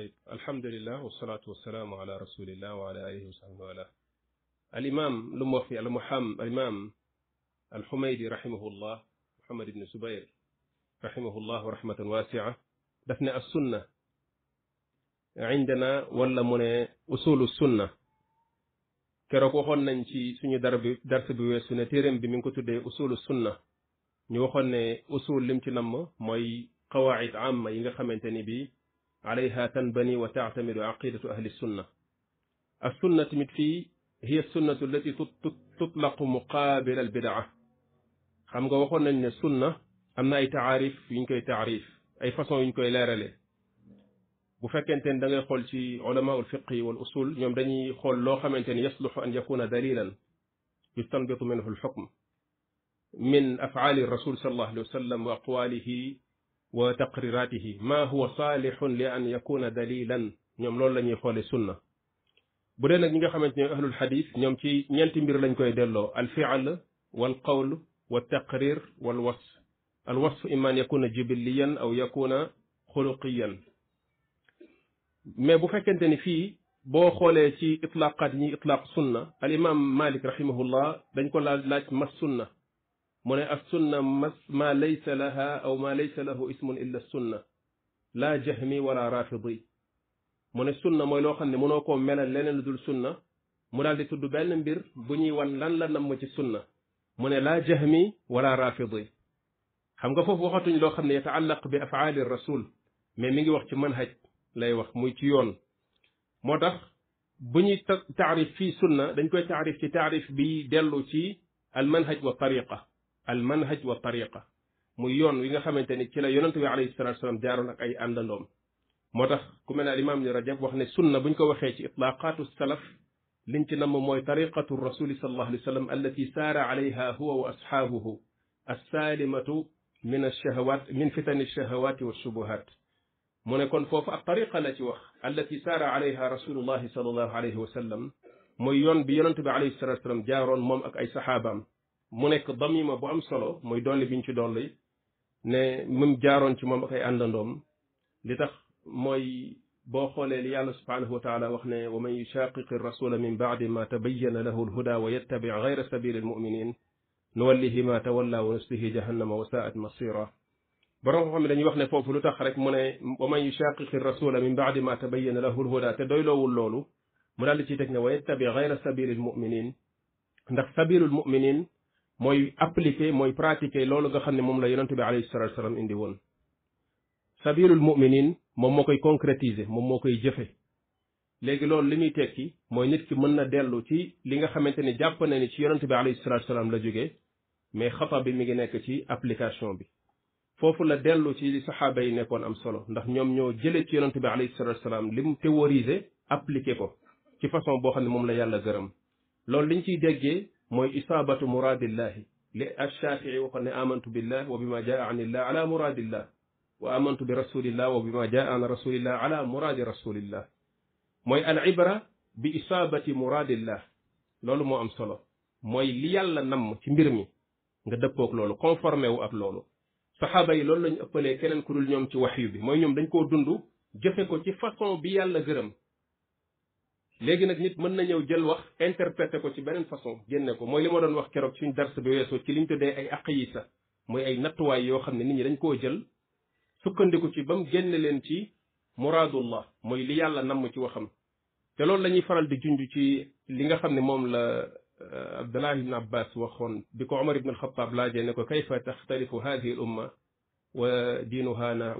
طيب الحمد لله والصلاة والسلام على رسول الله وعلى آله وصحبه وعلى الإمام الموفي المحمد الإمام الحميدي رحمه الله محمد بن زبير رحمه الله رحمة واسعة دفن السنة عندنا ولا من أصول السنة كرو خون نانتي سوني درب درس بي سنة تيرم بي مينكو أصول السنة ني وخون أصول لمتي نام موي قواعد عامة ييغا خامتاني عليها تنبني وتعتمد عقيدة أهل السنة السنة متفي هي السنة التي تطلق مقابل البدعة xam nga waxoon nañ ne sunna am na ay taarif yuñ koy taarif ay façon yuñ koy leerale bu fekkente ne da ngay xool ci ulama ul fiqi wal usul ñoom dañuy xool loo xamante ne yasluxu an yakuna dalilan yustanbitu minhu al xukm min afaali rasul sal allahu alayhi wa sallam wa aqwalihi وتقريراته ما هو صالح لان يكون دليلا نيوم لول لا ني خولي سنه بودي نك نيغا خامتني اهل الحديث نيوم تي نيانت مير لا نكوي ديلو الفعل والقول والتقرير والوصف الوصف اما ان يكون جبليا او يكون خلقيا مي بو فكنتني في بو خولي تي اطلاقات ني اطلاق سنه الامام مالك رحمه الله دنجكو لاج ما السنه من السنة ما ليس لها أو ما ليس له اسم إلا السنة لا جهمي ولا رافضي من السنة ما يلوخ أن منوكو ملا لن لدو السنة من الذي تدو بالن بني وان لن لن نموتي السنة من لا جهمي ولا رافضي خمغا فوف وقتن يلوخ أن يتعلق بأفعال الرسول مي ميغي وقت منهج لا يوخ ميتيون موتاخ بني تعرف في السنة دنكو تعرف تعرف بي المنهج وطريقه المنهج والطريقة مليون ويغا خمانتاني كلا يونتو عليه الصلاة والسلام دارو لك أي أندلوم موتخ كمنا الإمام نرجب وخني سنة بنكو وخيش إطلاقات السلف لنك نمو موي طريقة الرسول صلى الله عليه وسلم التي سار عليها هو وأصحابه السالمة من الشهوات من فتن الشهوات والشبهات من يكون فوف الطريقة التي وخ التي سار عليها رسول الله صلى الله عليه وسلم مليون بيونتو عليه الصلاة والسلام دارون مم أك أي صحابة mu nekk damima bu am solo muy dolli biñ ci dolli ne mum jaaroon ci moom akay ay àndandoom li tax mooy boo xoolee li yàlla subhanahu wa taala wax ne wa man yushaqiqi rasula min baadi ma tabayyana lahu alhuda wa yattabi gayra sabili almuminin nuwallihi ma tawalla wa nuslihi jahannama wa saat masira borom xam dañuy wax ne foofu lu tax rek mu ne wa man yushaqiqi rasula min baadi ma tabayyana lahu alhuda te doyloowul loolu mu daal di ciy teg ne wa yattabi gayra sabili almuminin ndax sabilul muminin moy appliquer moy pratiquer lolu nga xamne mom la yonente bi alayhi salatu salaam indi won sabilul muminin mom mokay concrétiser mom mokay jëfe légui lolu limi tekki moy nit ki mën na dellu ci li nga xamanteni jàpp na ni ci yonente bi alayhi salatu salaam la jógee mais xata bi mi ngi nek ci application bi fofu la dellu ci li sahaba yi nekkon am solo ndax ñom ñoo jëlé ci yonente bi alayhi salatu salaam li théoriser appliquer ko ci façon bo xamne mom la yàlla gëreum lolu liñ ciy déggé mooy isaabatu muraadillahi li alshafii waxoon ne amantu billah wa bima jaa an illah ala muraadillah wa amantu bi rasulillah wa bima jaa an rasulillah ala muraadi rasulillah mooy al ibra bi isaabati muraadillah loolu moo am solo mooy li yàlla namm ci mbir mi nga dëppoog loolu conformé wu ak loolu saxaaba yi loolu lañu ëppalee keneen ku dul ñoom ci waxyu bi mooy ñoom dañ koo dund jëfe ko ci façon bi yàlla gërëm léegi nag nit mën na ñëw jël wax interpréter ko ci beneen façon génne ko mooy li ma doon wax keroog suñ dars bi weesoo ci liñ tuddee ay aqayisa mooy ay nattuwaay yoo xam ne nit ñi dañ koo jël sukkandiku ci bam génne leen ci muraadullah mooy li yàlla namm ci waxam te loolu la ñuy faral di junj ci li nga xam ne moom la abdullah ibn abbas waxoon bi ko omar ibn alxataab laajee ne ko kayfa taxtalifu hadihi al umma wa diinuha na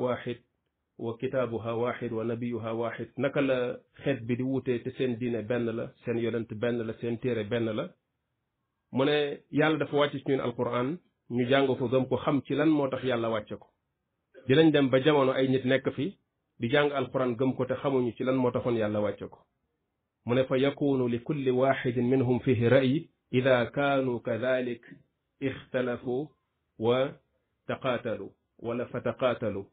وكتابها واحد ونبيها واحد نكلا خيت بدي ووتي تسين دين بن لا سين يونت بن لا سين تير بن لا مون يالا دا فواتي سنين القران ني جانغو فو گم كو خم سي لان موتاخ يالا واتيكو دي لن ديم با جامونو اي نيت نيك في دي جانغ القران گم كو تا خمو ني سي لان موتاخون يالا واتيكو مون فا يكون لكل واحد منهم فيه راي اذا كانوا كذلك اختلفوا وتقاتلوا ولا فتقاتلوا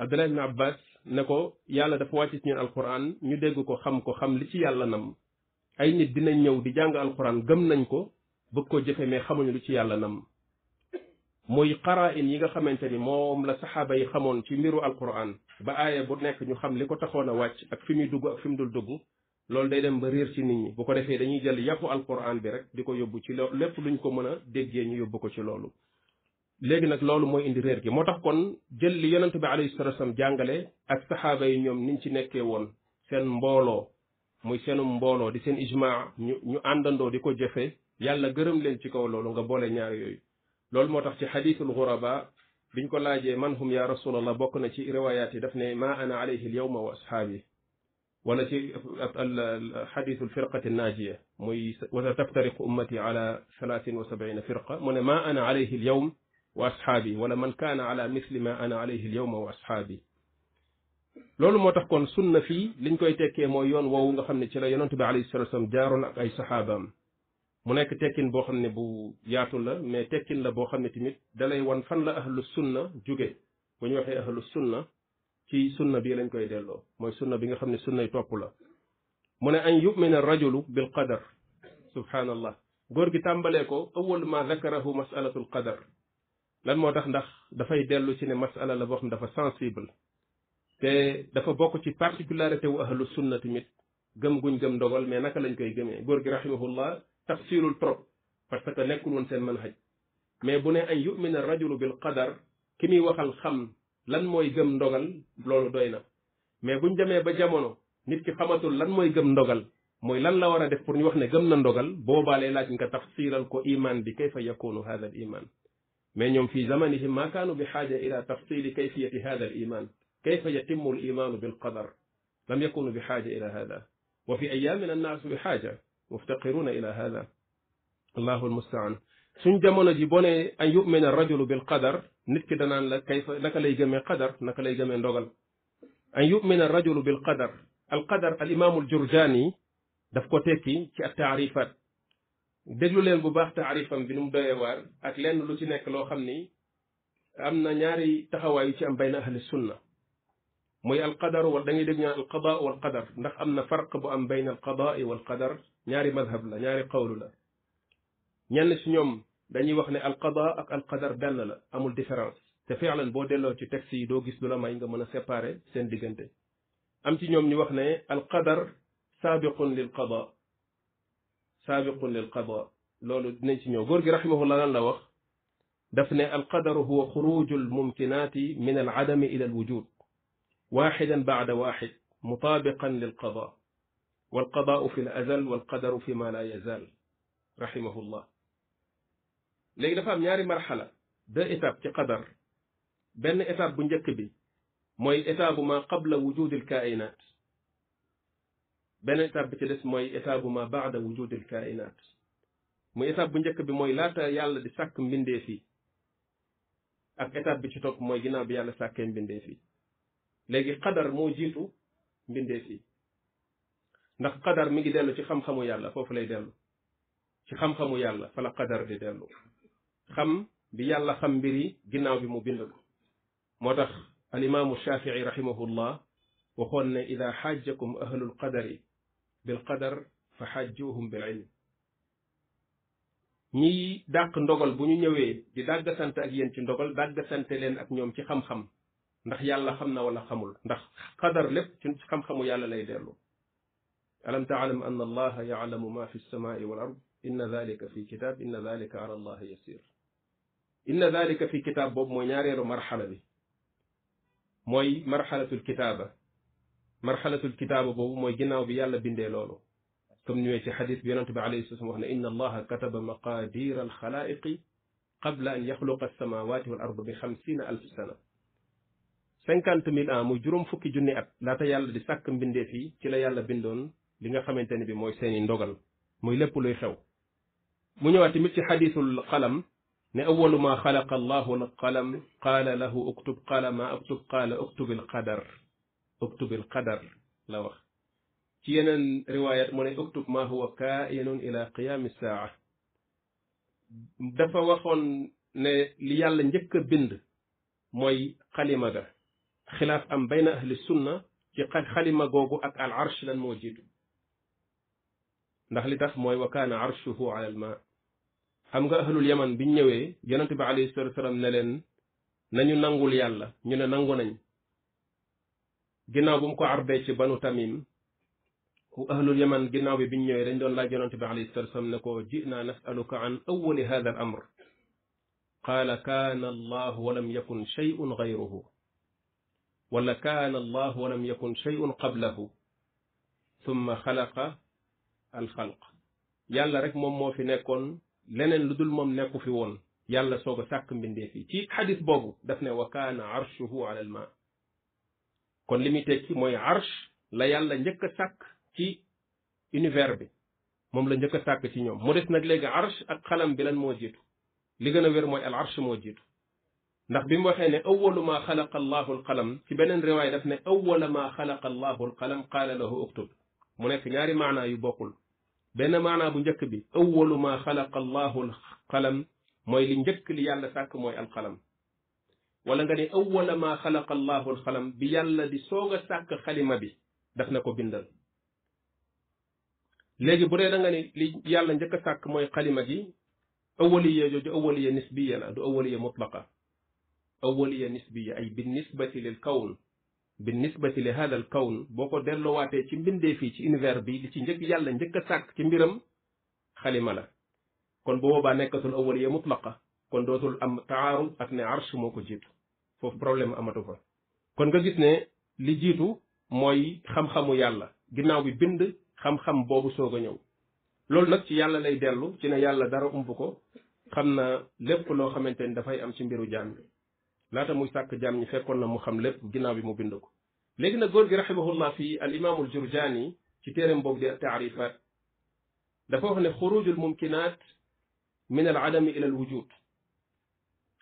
Abdallah ibn Abbas ne ko yàlla dafa wàcc ci ñun alquran ñu dégg ko xam ko xam li ci yàlla nam ay nit dinañ ñëw di jàng alquran gëm nañ ko bëgg ko jëfe mais xamuñu lu ci yàlla nam mooy xaraayin yi nga xamante ni moom la saxaaba yi xamoon ci mbiru alquran ba aaya bu nekk ñu xam li ko taxoon a wàcc ak fi muy dugg ak fi mu dul dugg loolu day dem ba réer ci nit ñi bu ko defee dañuy jël yàqu alquran bi rek di ko yóbbu ci lépp luñ ko mën a déggee ñu yóbbu ko ci loolu léegi nak lolu moy indi réer gi motax kon jël li yonent bi alayhi salatu wasallam jàngale ak sahaba yi ñom niñ ci nekké won sen mbolo muy seenu mbolo di sen ijma ñu andando àndandoo di ko jëfe yàlla gërëm leen ci kaw lolu nga bolé ñaar yoy lolu motax ci hadithul ghuraba biñ ko laajee man hum ya rasulullah bok na ci riwayat yi daf ne ma ana alayhi al yawma wa ashabi wala ci hadith al firqa al najiya muy wa taftariqu ummati ala 73 firqa mu ma ana alayhi al yawm واصحابي wala man kaana ala misli ma ana alayhi al yawma wa ashaabi loolu moo tax kon sunna fii liñ koy tekkee mooy yoon woowu nga xam ne ci la yonent bi alayhi salatu wasallam jaaroon ak ay saxaabaam mu nekk tekkin boo xam ne bu yaatu la mais tekkin la boo xam ne tamit dalay wan fan la ahlu sunna jóge bu ñu waxee ahlu sunna ci sunna bi lañ koy delloo mooy sunna bi nga xam ne sunnay topp la mu ne an yumina rajulu bil qadar subhanallah góor gi tàmbalee ko awal ma dakarahu masalatu al qadar lan motax ndax da fay delu ci ne masala la boo xam dafa sensible te dafa bok ci particularité wu ahlu sunna mit gëm guñ gëm ndogal mais naka lañ koy gemé gor gi rahimahullah tafsirul trop parce que nekul won sen manhaj mais bu ne an ar rajulu bil qadar kimi waxal xam lan moy gëm ndogal lolu doyna mais buñ demee ba jamono nit ki xamatul lan moy gëm ndogal moy lan la wara def pour ñu wax ne gëm na ndogal boobaalee laj nga tafsiral ko iman bi kayfa yakunu hadha al iman من يوم في زمنهم ما كانوا بحاجة إلى تفصيل كيفية هذا الإيمان كيف يتم الإيمان بالقدر لم يكونوا بحاجة إلى هذا وفي أيامنا الناس بحاجة مفتقرون إلى هذا الله المستعان سنجمون جيبوني أن يؤمن الرجل بالقدر نتكدنا كيف لك لي جمع قدر لك لي جمع دوغل أن يؤمن الرجل بالقدر القدر الإمام الجرجاني دفكوتيكي التعريفات déglu leen bu baax taarifam bi nu mu doyee waar ak lenn lu ci nekk loo xam ni am na ñaari taxawaay yu ci am bayna ahli sunna muy alqadar wala da ngay dégg ñaan alqada wal qadar ndax am na farq bu am bayna alqada wal qadar ñaari madhab la ñaari qawlu la ñenn si ñoom dañuy wax ne alqada ak alqadar benn la amul différence te fiilan boo delloo ci texte yi doo gis du la may nga mën a séparer seen diggante am ci ñoom ñu wax ne alqadar sabiqun lil qada سابق للقضاء لولو دنيت نيو غور رحمه الله لا وخ دفن القدر هو خروج الممكنات من العدم الى الوجود واحدا بعد واحد مطابقا للقضاء والقضاء في الازل والقدر فيما لا يزال رحمه الله لي دا فام نياري مرحله دو ايتاب تي قدر بن ايتاب بو نجهك بي موي ايتاب ما قبل وجود الكائنات بين إتاب تلس موي إتاب ما بعد وجود الكائنات مو إتاب بنجك بموي لا تيال دي ساك من دي أك إتاب بيشتوك موي جنا بيال ساكين من دي في قدر مو جيتو من دي نك قدر ميجي دلو شي خم خمو يالا فوف دلو شي خم خمو يالا فلا قدر دي دلو خم بي يالا خم بيري جنا بي مو بيندو الإمام الشافعي رحمه الله وقلنا إذا حاجكم أهل القدر بالقدر فحجوهم بالعلم ني داك ندوغل بو ني نيوي دي داك سانت اك يين سي ندوغل داك سانت لين اك نيوم سي خم خم ندخ يالا خمنا ولا خمول ندخ قدر لب سي خم خمو يالا لاي ديلو الم تعلم ان الله يعلم ما في السماء والارض ان ذلك في كتاب ان ذلك على الله يسير ان ذلك في كتاب بوب مو نياريرو مرحله بي موي مرحله الكتابه marxalatul kitaaba boobu mooy ginnaaw bi yàlla bindee loolu comme ñëwee ci xadis bi yonente bi alayhi salaam wax ne inna allaha kataba maqadir al xalaiqi qabla an yaxluqa alsamawati wal arda bi xamsina alf sana cinquante mille ans muy juróom fukki junni at laata yàlla di sàkk mbindeef yi ci la yàlla bindoon li nga xamante ne bi mooy seeni ndogal muy lépp luy xew mu ñëwaat tamit ci xadisul qalam ne awalu ma xalaqa allahu al qalam qaala lahu uktub qaala ma uktub qaala uktub al qadar اكتب القدر لا وخ تينا رواية موني اكتب ما هو كائن الى قيام الساعة دافا وخون ني ليال نجك بند موي خليمة خلاف ام بين اهل السنة كي قد خليمة غوغو اك العرش لن موجد ndax li tax mooy wa kaana arshuhu ala lma xam nga ahlul yaman biñ ñëwee yonente bi alayhi salatu wasalam ne leen nañu nangul yàlla ñu ne nangu nañ ginaaw bu mu ko arbee ci banu tamim ahlul yaman ginaaw bi biñ ñëwee dañ doon laaj yonante bi alayhi salatu wasalam ne ko jinaa nasaluka an awali hada al amr qala kana allah wa lam yakun shay'un gayruhu wala kana allah wa lam yakun shay'un qablahu thumma khalaqa al khalq yàlla rek moom moo fi nekkoon leneen lu dul moom nekku fi woon yàlla soog a sàkk mbindee fi ci xadis boobu daf ne wa kaana arshuhu ala al maa kon limi tek ci moy arsh la yàlla ñëk sak ci univers bi mom la ñëk sak ci ñom mo des nak léegi arsh ak xalam bi lan mo jitu li gëna wér moy al arsh mo jitu ndax bimu waxé ne awwalu ma khalaqa allah al qalam ci benen riwaya daf ne awwalu ma khalaqa allah al qalam qala lahu uktub mu nek ñaari maana yu bokul benn maana bu njëkk bi awwalu ma khalaqa allah al qalam moy li njëkk li yàlla sak moy al qalam wala nga ne awwala ma xalaqa allahu alxalam bi yàlla di soog a sàkk xalima bi daf na ko bindal léegi bu dee da nga ne li yàlla njëkk a sàkk mooy xalima gi awwaliya jooju awwaliya nisbiya la du awwaliya mutlaqa awwaliya nisbiya ay bi nisbati lil kawn bi nisbati li hada al kawn boo ko delloowaatee ci mbindee fii ci univers bi li ci njëkk yàlla njëkk a sàkk ci mbiram xalima la kon bu boobaa nekkatul awwaliya mutlaqa kon dootul am taarud ak ne arsh moo ko jiitu foofu problème amatu fa kon nga gis ne li jiitu mooy xamxamu xamu yàlla ginnaaw bi bind xamxam xam boobu soog a ñëw loolu nag ci yàlla lay dellu ci ne yàlla dara ump ko xam na lépp loo xamante ni dafay am ci mbiru jaam bi laata muy sàkk jaam ñi fekkoon na mu xam lépp ginnaaw bi mu bind ko léegi nag góor gi rahimahullah fii al imaamul jurjaani ci téereem boobu di taarifaat dafa wax ne xurujul mumkinaat min al adami ila wujud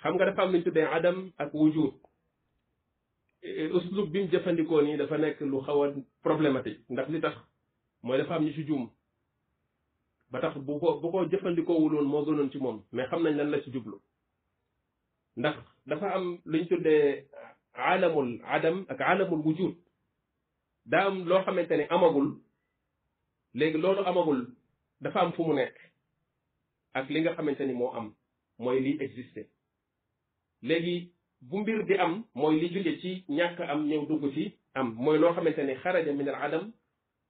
xam nga dafa am lu ñu tuddee adam ak wujur uslub bi mu jëfandikoo nii dafa nekk lu xaw a problématique ndax li tax mooy dafa am ñu si juum ba tax bu ko bu ko jëfandikoo wuloon moo gënoon ci moom mais xam nañ lan la ci jublu ndax dafa am lu ñu tuddee alamul adam ak alamul wujur daa am loo xamante ne amagul léegi loolu amagul dafa am fu mu nekk ak li nga xamante ni moo am mooy li existé léegi bu mbir di am moy li jóge ci ñak am ñëw dugg ci am moy lo xamante kharaja min al adam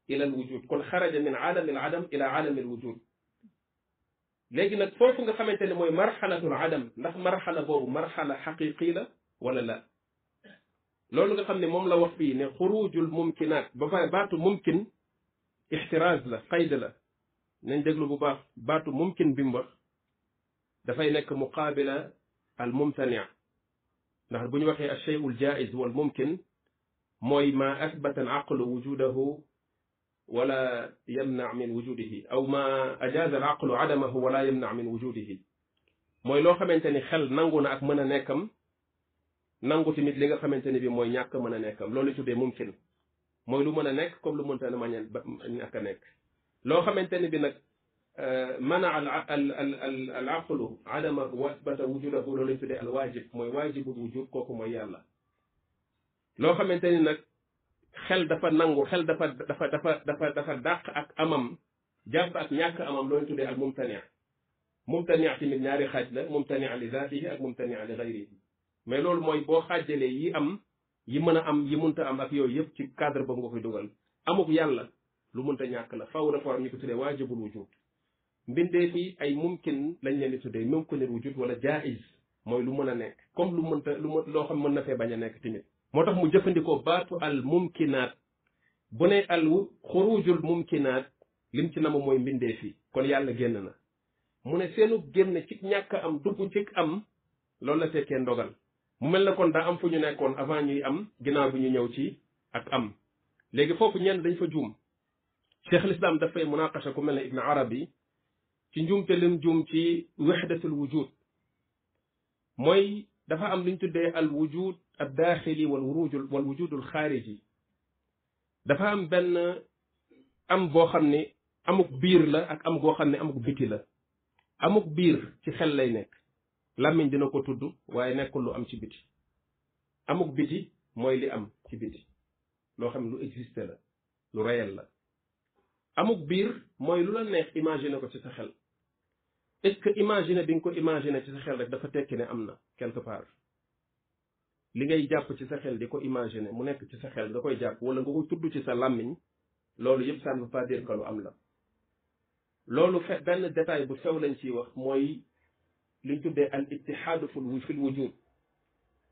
ila al wujud kon kharaja min alam al adam ila alam al wujud léegi nak fofu nga xamante moy marhalatul adam ndax marhala boobu marhala haqiqi la wala la loolu nga xam mom la wax fii ne khurujul mumkinat ba fa batu mumkin ihtiraz la qayd la nañ déglu bu baax batu mumkin bimba da fay nek muqabila الممتنع نحن بني وحي الشيء الجائز والممكن موي ما أثبت العقل وجوده ولا يمنع من وجوده أو ما أجاز العقل عدمه ولا يمنع من وجوده موي لو خمنتني خل نانغونا أك منا نيكم نانغو تميت لغا خمنتني بي موي نياك منا نيكم لولي تبي ممكن موي لو منا نيك كم لو منتنا ما نياك نيك لو خمنتني بي نك آه، منع العقل عدم واثبت وجوده لو لم الواجب موي واجب الوجود كوكو موي يالا لو خامتاني نك خيل دا فا نانغو خيل دا فا دا فا دا فا دا فا اك امام جاب اك نياك امام لو تودي الممتنع ممتنع في من نار ممتنع لذاته اك ممتنع لغيره مي لول موي بو خاج يي ام يي ام يي ام اك يوي ييب سي كادر با نغوخي دوغال اموك يالا لو مونتا نياك لا فاو ريفورم نيكو واجب الوجود mbindeef yi ay mumkin lañ leen di tuddee mumkinul wujud wala jaiz mooy lu mën a nekk comme lu mën loo xam mën na fee bañ a nekk tamit. moo tax mu jëfandikoo baatu al mumkinaat bu ne al xurujul mumkinaat lim ci nama mooy mbindeef yi kon yàlla génn na mu ne seenu génn ci ñàkk am dugg ci am loolu la fekkee ndogal mu mel na kon daa am fu ñu nekkoon avant ñuy am ginnaaw bi ñu ñëw ci ak am léegi foofu ñenn dañ fa juum cheikh al islam dafay munaqasha ku mel ne ibn arabi ci njumte lim juum ci wahdatul wujud mooy dafa am luñ tuddee al wujud ad daaxili wal wurujul wal wujudul xaariji dafa am benn am boo xam ne amuk biir la ak am goo xam ne amuk biti la amuk biir ci xel lay nekk làmmiñ dina ko tudd waaye nekkul lu am ci biti amuk biti mooy li am ci biti loo xam ne lu existe la lu réel la amuk biir mooy lu la neex imaginer ko ci sa xel est ce que imaginer bi nga ko imaginer ci sa xel rek dafa tekki ne am na quelque part li ngay jàpp ci sa xel di ko imaginer mu nekk ci sa xel da koy jàpp wala nga ko tudd ci sa làmmiñ loolu yëpp ça ne veut pas dire que lu am la loolu fe benn détail bu sew lañ ciy wax mooy liñ tuddee al ittihaadu fi l wujud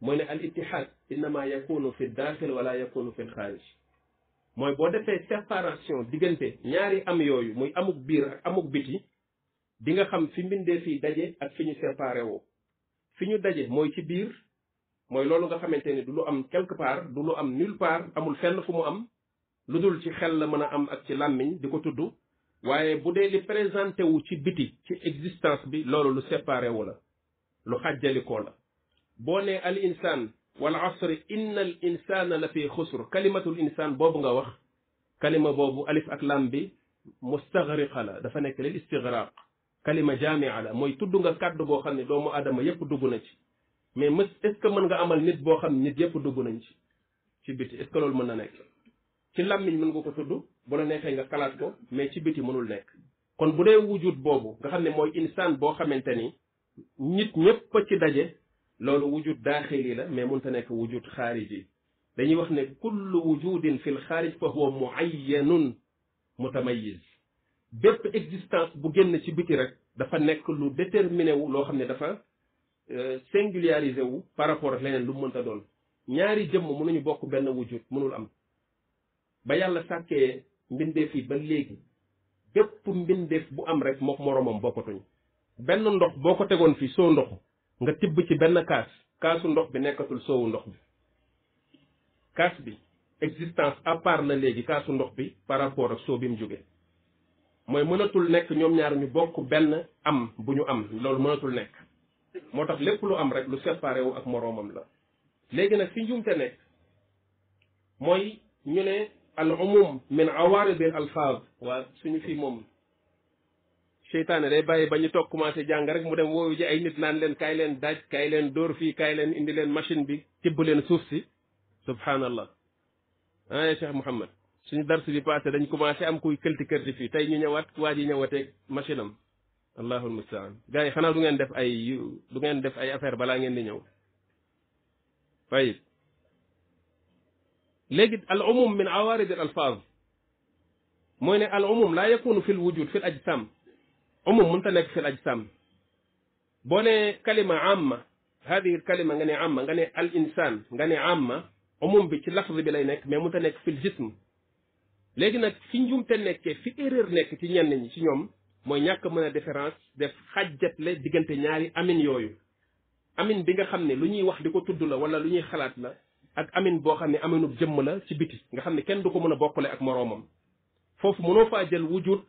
mooy ne al ittihad innama yakunu fi daaxil wala yakunu fi l xaarij mooy boo defee séparation diggante ñaari am yooyu muy amuk biir ak amuk biti di nga xam fi mbindee fii daje ak fi ñu séparé woo fi ñu daje mooy ci biir mooy loolu nga xamante ni du lu am quelque part du lu am nulle part amul fenn fu mu am lu dul ci xel la mën a am ak ci làmmiñ di ko tudd waaye bu dee li présenté wu ci biti ci existence bi loolu lu séparé wu la lu xàjjalikoo la boo nee al insaan wal asri inna al insana la fi xusr kalimatul boobu nga wax kalima boobu alif ak lam bi mustaghriqa la dafa nekk lil istighraq kalima jaamia la mooy tudd nga kàdd boo xam ne doomu aadama yépp dugg na ci mais mës est-ce mën nga amal nit boo xam nit yépp dugg nañ ci ci biti est loolu mën na nekk ci làmmiñ mën nga ko tudd bu la neexee nga kalaat ko mais ci biti mënul nekk kon bu dee wujud boobu nga xam ne mooy insaan boo xamante ni nit ñépp ci daje loolu wujud daaxili la mais mënta nekk wujud xaariji dañuy wax ne kullu wujudin fil xaarij fa huwa muayyanun mutamayiz bépp existence bu génn ci biti rek dafa nekk lu déterminé wu loo xam ne dafa euh, singularisé wu par rapport ak leneen lu mu mënta doon ñaari jëmm mënuñu bokk benn wujud mënul am ba yàlla sàkkee mbindeef yi ba léegi bépp mbindeef bu am rek mook moroomam bokkatuñ benn ndox boo ko tegoon fii soo ndoxu nga tibb ci benn kaas kaasu ndox bi nekkatul soowu ndox bi kaas bi existence à part la léegi kaasu ndox bi par rapport ak soo bi mu jóge mooy mënatul nekk ñoom ñaar ñu bokk benn am bu ñu am loolu mënatul nekk moo tax lépp lu am rek lu séparé ak moroomam la léegi nag fi njumte nekk mooy ñu ne al umum min awaaribil alfaaz waa suñu fii moom seytaane day bàyyi ba ñu toog commencé jàng rek mu dem woowu ji ay nit laan leen kaay leen daaj kay leen door fii kay leen indi leen machine bi tibb leen suuf si subhanallah ah Cheikh Mouhamed suñu dars bi passé dañ commencé am kuy këlti kërti fii tey ñu ñëwaat waa ji ñëwateeg machine am allahul mustaan gars xanaa du ngeen def ay du ngeen def ay affaire balaa ngeen di ñëw tayib léegi al umum min awarid al mooy ne al umum laa yakunu fi l wujud fi l umum munta nekk fi ajsam boo ne kalima amma هذه الكلمة غني عامة غني الإنسان غني عامة عموم بي ci lafz bi lay nekk mais mu ta nekk fil jism léegi nag fi njumte nekkee fi erreur nekk ci ñenn ñi ci ñoom mooy ñàkk mën a différence def xàjjatle diggante ñaari amin yooyu amin bi nga xam ne lu ñuy wax di ko tudd la wala lu ñuy xalaat la ak amin boo xam ne aminub jëmm la ci biti nga xam ne kenn du ko mën a bokkale ak moroomam foofu mënoo faa jël wujud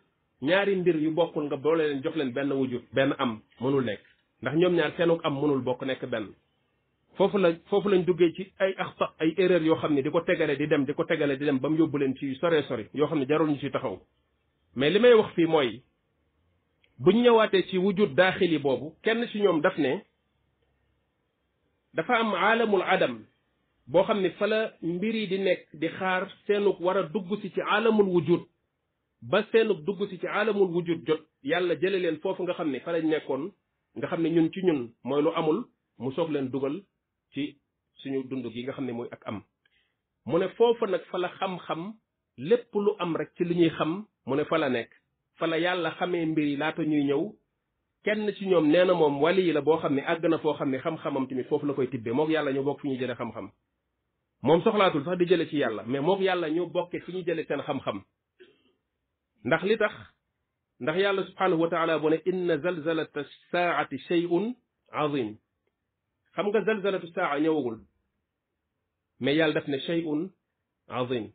ñaari mbir yu bokkul nga boole leen jox leen benn wujut benn am mënul nekk ndax ñoom ñaar seenuk am mënul bokk nekk benn foofu la foofu lañ duggee ci ay axta ay erreur yoo xam ne di ko tegale di dem di ko tegale di dem ba mu yóbbu leen ci sore sori yoo xam ne jarul ñu ci taxaw mais li may wax fii mooy buñ ñëwaatee ci wujut daaxili boobu kenn ci ñoom daf ne dafa am aalamul adam boo xam ne fa mbir yi di nekk di xaar seenuk war a dugg si ci aalamul wujut ba seenu dugg si ci aalamul wujud jot yàlla jële leen foofu nga xam ne fa lañ nekkoon nga xam ne ñun ci ñun mooy lu amul mu soog leen dugal ci suñu dund gi nga xam ne mooy ak am mu ne foofu nag fa la xam-xam lépp lu am rek ci li ñuy xam mu ne fa la nekk fa la yàlla xamee mbir yi laata ñuy ñëw kenn ci ñoom nee na moom wali yi la boo xam ne àgg na foo xam ne xam-xamam tamit foofu la koy tibbee mook yàlla ñu bokk fi ñuy jële xam-xam moom soxlaatul sax jële ci yàlla mais mook yàlla ñoo bokkee fi ñuy jële seen xam-xam ndax li tax ndax yàlla subhanahu wa taala bu ne inna zalzalata saati shay'un azim xam nga zalzalatu saa ñëwagul mais yàlla daf ne shay'un azim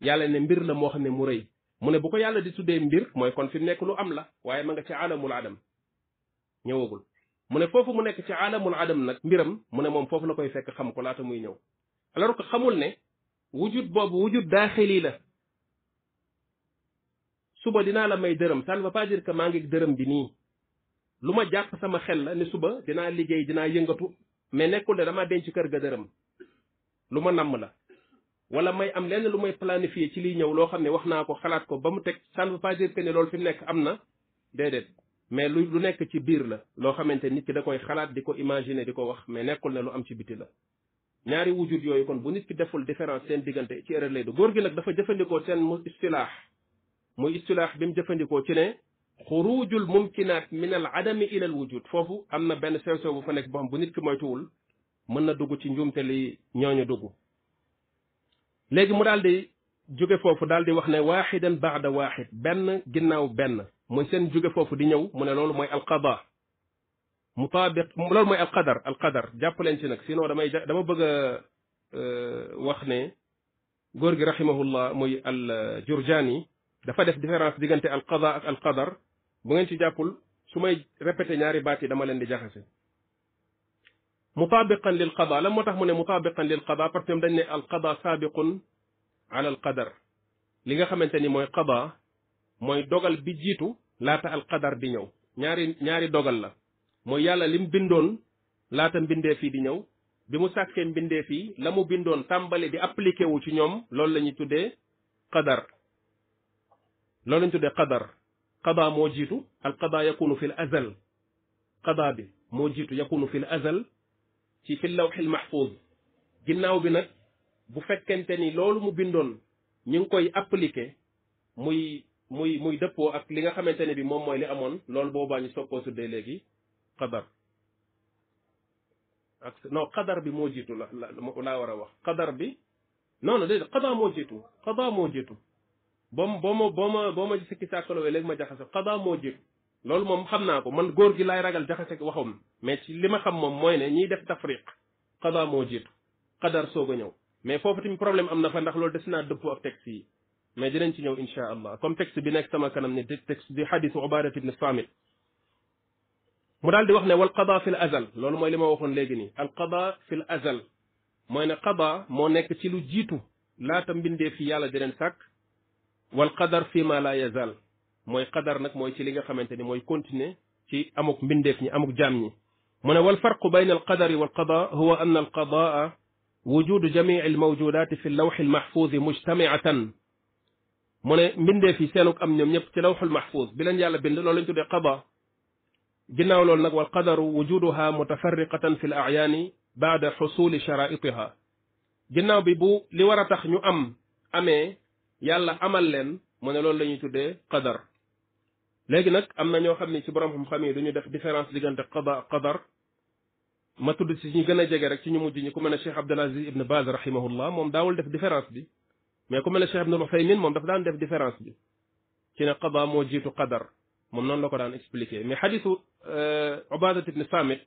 yàlla ne mbir la moo xam ne mu rëy mu ne bu ko yàlla di tuddee mbir mooy kon fi mu nekk lu am la waaye ma nga ci alamul adam ñëwagul mu ne foofu mu nekk ci alamul adam nag mbiram mu ne moom foofu la koy fekk xam ko laata muy ñëw alors que xamul ne wujud boobu wujud daaxili la suba dinaa la may dërëm ça ne veut pas maa ngi dërëm bi nii lu ma jàpp sama xel la ne suba dinaa liggéey dinaa yëngatu mais nekkul ne dama denc kër ga dërëm lu ma namm la wala may am lenn lu may planifier ci liy ñëw loo xam ne wax naa ko xalaat ko ba mu teg ça ne veut pas loolu fi mu nekk am na déedéet mais lu lu nekk ci biir la loo xamante nit ki da koy xalaat di ko imaginer di ko wax mais nekkul ne lu am ci biti la ñaari wujud yooyu kon bu nit deful différence seen diggante ci lay do góor gi nag dafa jëfandikoo seen istilaax moy istilah bim mu ci ne khurujul mumkinat min al adam ila al wujud fofu amna ben benn bu fa nek boo bu nit ki moytuwul mën na dugg ci njuumte li ñooñu dugg léegi mu daldi jóge fofu daldi wax ne wahidan ba'da wahid ben ginnaw ben muy sen jóge fofu di ñëw mu ne lolu moy al qada mutabiq lolu moy al qadar al qadar jàpp len ci nak sino damay dama bëgg euh wax ne gor gi rahimahullah moy al jurjani dafa def différence diggante al qada ak al qadar bu ngeen ci jàppul su may répété ñaari baat yi dama leen di jaxase mutabiqan lil qada lam motax tax mu ne mutabiqan lil qada parce que dañ ne al qada saabiqun ala al qadar li nga xamante ni mooy qada mooy dogal bi jiitu laata al qadar di ñëw ñaari ñaari dogal la mooy yàlla lim bindoon laata mbindee fii di ñëw bi mu sàkkee mbindee fii la mu bindoon tàmbali di appliqué wu ci ñoom loolu la ñuy tuddee qadar لولن تدي قدر قضاء موجيتو القضاء يكون في الأزل قضاء بي موجيتو يكون في الأزل تي في اللوح المحفوظ جناو بنك بو فكنتني لولو مبندون نينكوي أبليكي موي موي موي دبو اك ليغا خامتاني بي موم موي لي امون لول بوبا ني سوكو سودي ليغي قدر اك نو قدر بي موجيتو لا لا لا ورا وخ قدر بي نو نو دي قضاء موجيتو قضاء موجيتو ba ma boo ma boo ma boo ma sikki sàkkalowee léegi ma jaxase xadaa moo jëkk loolu moom xam naa ko man góor gi laay ragal jaxase waxam mais ci li ma xam moom mooy ne ñiy def tafriq xadaa moo jiitu xadar soog a ñëw mais foofu tamit problème am na fa ndax loolu des naa dëppoo ak texte yi mais dinañ ci ñëw insha allah comme texte bi nekk sama kanam ni texte di xadisu ubadat ibne samit mu daal di wax ne wal qada fi l azal loolu mooy li ma waxoon léegi nii al qada fi l azal mooy ne qada moo nekk ci lu jiitu laata mbindee fi yàlla di leen sàkk والقدر فيما لا يزال موي قدر نك موي سي ليغا خامتاني موي كونتيني سي اموك مينديف ني اموك جام ني من والفرق بين القدر والقضاء هو ان القضاء وجود جميع الموجودات في اللوح المحفوظ مجتمعه من مينديف سي نوك ام نيوم نيب سي لوح المحفوظ بلان يالا بند لول نتو دي قضاء جناو لول نك والقدر وجودها متفرقه في الاعيان بعد حصول شرائطها جناو بيبو لي ورا تخ ني ام امي yàlla amal len mu ne loolu la ñuy qadar légui nak amna ño xamni ci borom xam-xam yi dañu def différence digënté qada qadar ma tudd ci ñi gëna jege rek ci ñu mujj ñi ku mëna Cheikh Abdel Aziz Ibn Baz rahimahullah mom dawul def différence bi mais ku mëna Cheikh Ibn Uthaymin mom dafa daan def différence bi ci ne qada mo jitu qadar mom non la ko daan expliquer mais hadithu Ubadat ibn Samit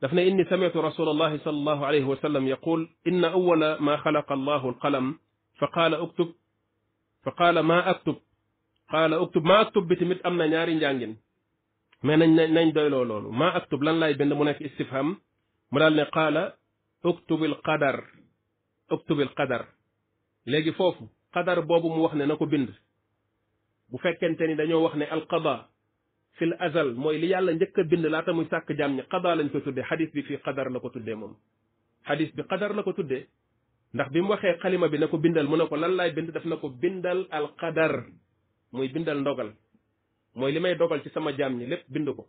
daf ne inni samitu rasul allahi sal allahu alayhi wa sallam yaqul inna awala ma xalaqa allahu alqalam fa qaala uktub فقال ما اكتب قال اكتب ما اكتب بتمت امنا نياري نجانجن ما نين دويلو لولو ما اكتب لان لاي بند منك استفهام مرال قال اكتب القدر اكتب القدر لجي فوف قدر بوبو موخنا وخني نكو بند بو فكنتني دانيو وخني القضاء في الازل موي لي يالا نديك بند لا تامو ساك جامني قضاء لنجو تودي حديث بي في قدر لكو تودي موم حديث بقدر لكو تودي ndax bi mu waxee xalima bi na ko bindal mu ne ko lan lay bind daf na ko bindal alqadar muy bindal ndogal mooy li may dogal ci sama jaam ñi lépp bind ko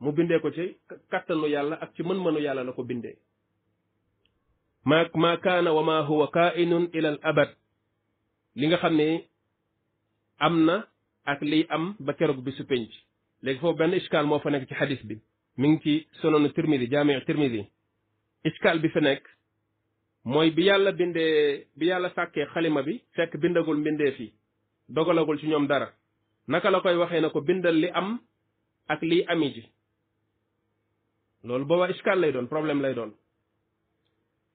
mu bindee ko ci kattanu yàlla ak ci mën-mënu yàlla la ko bindee ma ma kaana wa ma huwa kainun ila al abad li nga xam ne am na ak liy am ba keroog bi su penc léegi foofu benn iskaal moo fa nekk ci xadis bi mi ngi ci sononu tirmidi jaami tirmidi iskaal bi fa nekk mooy bi yàlla bindee bi yàlla sàkkee xalima bi fekk bindagul mbindee fi dogalagul ci ñoom dara naka la koy waxee na ko bindal li am ak liy ami ji loolu booba iskal lay doon problème lay doon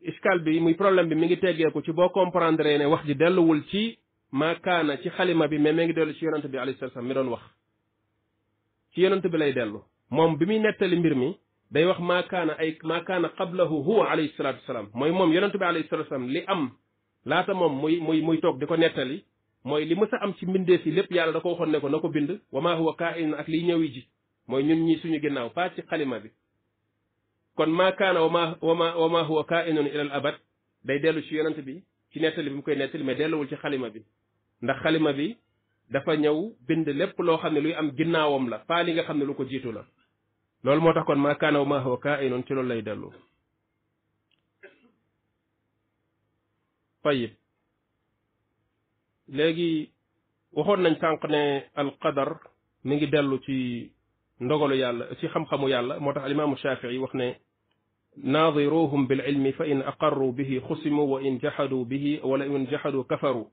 iskal bi muy problème bi mi ngi teggee ko ci boo comprendre ne wax ji delluwul ci maakaana ci xalima bi mais mi ngi dellu ci yonent bi alayhi salaam mi doon wax ci yonent bi lay dellu moom bi muy nettali mbir mi day wax maakaana ay maa kaana qablahu huwa alayhi salatu wasalaam mooy moom yonentu bi alayhi salatu li am laata moom muy muy muy toog di ko nettali mooy li mës am ci mbindeef si lépp yàlla da ko waxoon ne ko na ko bind wa maa huwa kaa'in ak liy ñëwi ji mooy ñun ñi suñu ginnaaw pas ci xalima bi kon maa kaana wa maa wa maa wa maa huwa kaa'inun ilal abad day dellu ci yonent bi ci nettali bi mu koy nettali mais delluwul ci xalima bi ndax xalima bi dafa ñëw bind lépp loo xam ne luy am ginnaawam la pas li nga xam ne lu ko jiitu la loolu moo tax ma maa kaana wa maa huwa kaa'inun ci loolu lay dellu fayib léegi waxoon nañ sànq ne alqadar mi ngi dellu ci ndogalu yàlla ci xam-xamu yàlla moo tax alimaamu shafii wax ne naadiruhum bililmi fa in aqarru bihi xusimu wa in jaxaduu bihi wala in jaxaduu kafaru